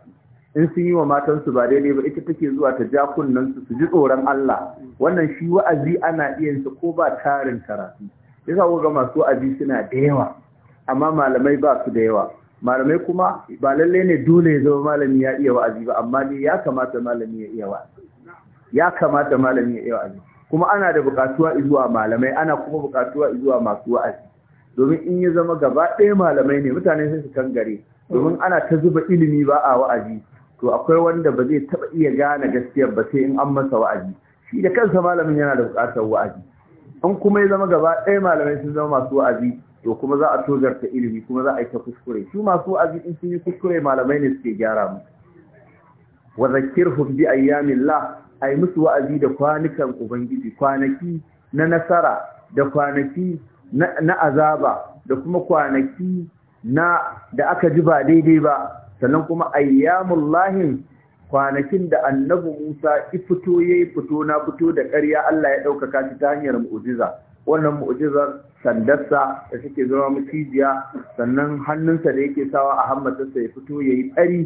su in sun yi wa matansu ba daidai ba ita take zuwa ta ja kunnensu su ji tsoron Allah wannan shi wa'azi ana iya su ko ba tarin karatu yasa ga masu wa'azi suna da yawa amma malamai ba su da yawa malamai kuma ba lallai ne dole ya zama malami ya iya wa'azi ba amma ne ya kamata malami ya iya wa'azi ya kamata malami ya iya wa'azi kuma ana da bukatuwa zuwa malamai ana kuma bukatuwa zuwa masu wa'azi domin in ya zama gaba ɗaya malamai ne mutane sai su gare domin ana ta zuba ilimi ba a wa'azi to akwai wanda ba zai taba iya gane gaskiyar ba sai in an masa wa'azi shi da kansa malamin yana da bukatar wa'azi In kuma ya zama gaba ɗaya malamai sun zama masu wa'azi to kuma za a tozarta ilimi kuma za a yi ta kuskure su masu azikin sun yi kuskure malamai ne suke gyara mu wa zakirhum bi ayyamillah ay musu wa'azi da kwanukan ubangiji kwanaki na nasara da kwanaki na azaba da kuma kwanaki na da aka ji ba daidai ba sannan kuma Ayyamullahi, kwanakin da annabi Musa ya fito yayi fito na fito da ƙarya Allah ya ɗaukaka shi ta hanyar mu'jiza wannan mu'jizar sandarsa da take zama macijiya sannan hannunsa da yake sawa a hammatarsa ya fito ya yi tsari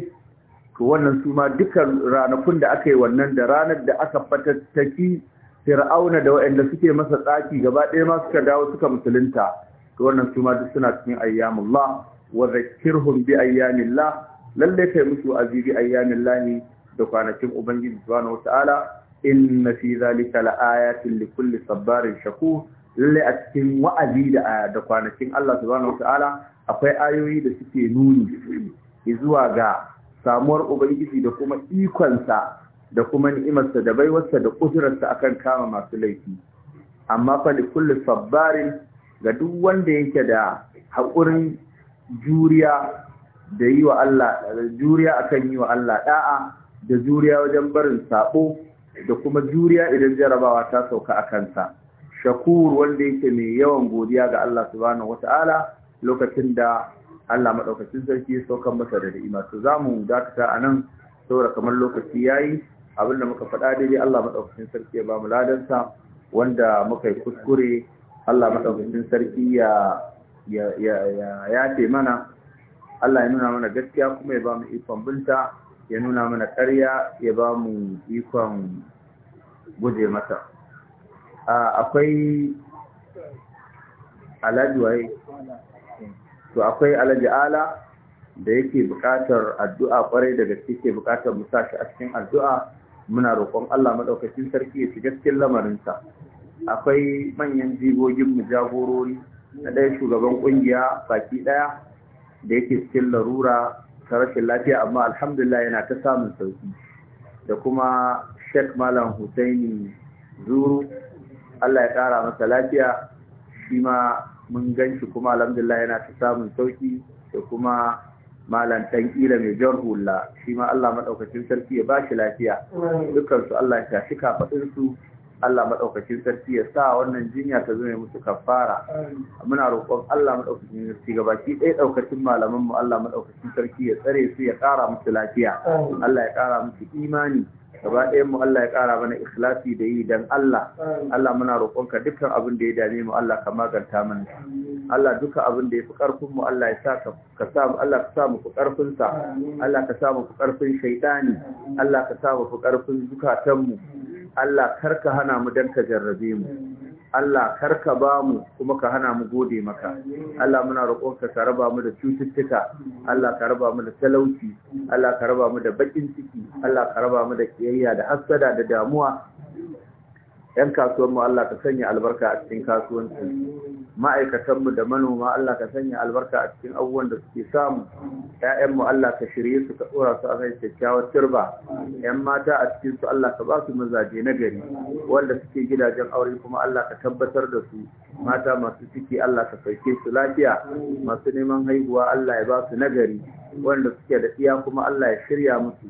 to wannan su ma dukkan ranakun da aka yi wannan da ranar da aka fatattaki fir'auna da waɗanda suke masa tsaki gaba ɗaya ma suka dawo suka musulunta to wannan su ma duk suna cikin ayyamullah wa zakirhum bi ayyamillah lalle kai musu azibi ayyamillah da kwanakin ubangiji subhanahu wataala inna fi zalika laayatin likulli sabarin shakur lallai a cikin wa'azi da kwanakin Allah subhanahu akwai ayoyi da suke nuni zuwa ga samuwar ubangiji da kuma ikonsa da kuma ni'imarsa da baiwarsa da a kan kama masu laifi amma fa da sabbarin ga duk wanda yake da haƙurin juriya da yi wa Allah juriya akan yi wa Allah ɗa'a da juriya wajen barin sabo da kuma juriya idan jarabawa ta sauka a kansa shakur wanda yake mai yawan godiya ga Allah subhanahu wata'ala lokacin da Allah madaukakin sarki saukan masa da ni'ima to zamu dakata anan saboda kamar lokaci yayi abinda muka faɗa dai Allah madaukakin sarki ya ba mu ladansa wanda muka yi kuskure Allah madaukakin sarki ya ya ya mana Allah ya nuna mana gaskiya kuma ya ba mu ikon binta ya nuna mana ƙarya ya ba mu ikon guje masa. akwai alhaji waye to akwai alhaji ala da yake bukatar addu'a kwarai daga cikin ke buƙatar mu shi a cikin addu'a muna roƙon Allah maɗaukacin sarki ya shiga cikin lamarinsa akwai manyan jigogin mu jagorori na ɗaya shugaban ƙungiya baki ɗaya da yake cikin larura ta rashin lafiya amma alhamdulillah yana ta samun sauki da kuma Sheikh Malam Hussaini Zuru Allah ya ƙara masa lafiya shi ma mun gan shi kuma alhamdulillah yana ta samun sauki da kuma malam ɗan ƙila mai jan hula shi ma Allah maɗaukacin sarki ya ba shi lafiya dukansu Allah ya tashi kafaɗinsu Allah maɗaukacin sarki ya sa wannan jinya ta zama musu kafara muna roƙon Allah maɗaukacin sarki ga baki ɗaya ɗaukacin malaman mu Allah maɗaukacin sarki ya tsare su ya ƙara musu lafiya Allah ya ƙara musu imani gaba ɗayan mu Allah ya ƙara mana ikhlasi da yi dan Allah Allah muna roƙonka dukkan abin da ya dame mu Allah ka maganta mana Allah duka abin da ya fi ƙarfin mu Allah ya sa ka sa mu Allah ka sa mu fi ƙarfin sa Allah ka sa mu fi ƙarfin shaytani Allah ka sa mu fi ƙarfin zukatanmu, Allah kar ka hana mu don ka jarrabe mu Allah karka ba mu kuma ka hana mu gode maka Allah muna roƙonka ka raba mu da cututtuka Allah ka raba mu da talauci Allah ka raba mu da baƙin ciki Allah ka raba mu da kiyayya da hasada da damuwa 'yan kasuwanmu Allah ka sanya albarka a cikin kasuwancin ma'aikatanmu da manoma Allah ka sanya albarka a cikin abubuwan da suke samu Ya'yanmu Allah ka shirye su ka tsora su a kan kyakkyawar turba Yan mata a cikin su Allah ka ba su mazaje na gari wanda suke gidajen aure kuma Allah ka tabbatar da su mata masu ciki Allah ka sauke su lafiya masu neman haihuwa Allah ya ba su nagari. wanda suke da iya kuma Allah ya shirya musu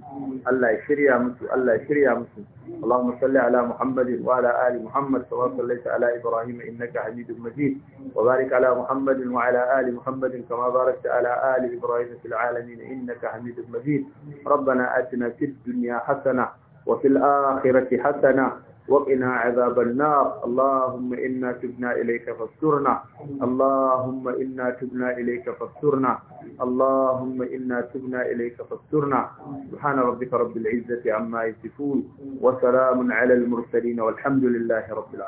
Allah ya shirya musu Allah ya shirya musu Allahumma salli ala Muhammadin wa ala ali Muhammad kama sallaita ala Ibrahim innaka Hamidum Majid wa barik ala Muhammadin wa ala ali Muhammadin kama barakta ala ali Ibrahim fil alamin innaka Hamidum Majid ربنا آتنا في الدنيا حسنة وفي الآخرة hasana. وقنا عذاب النار اللهم إنا تبنا إليك فاسترنا اللهم إنا تبنا إليك فاسترنا اللهم إنا تبنا إليك فاسترنا سبحان ربك رب العزة عما يصفون وسلام على المرسلين والحمد لله رب العالمين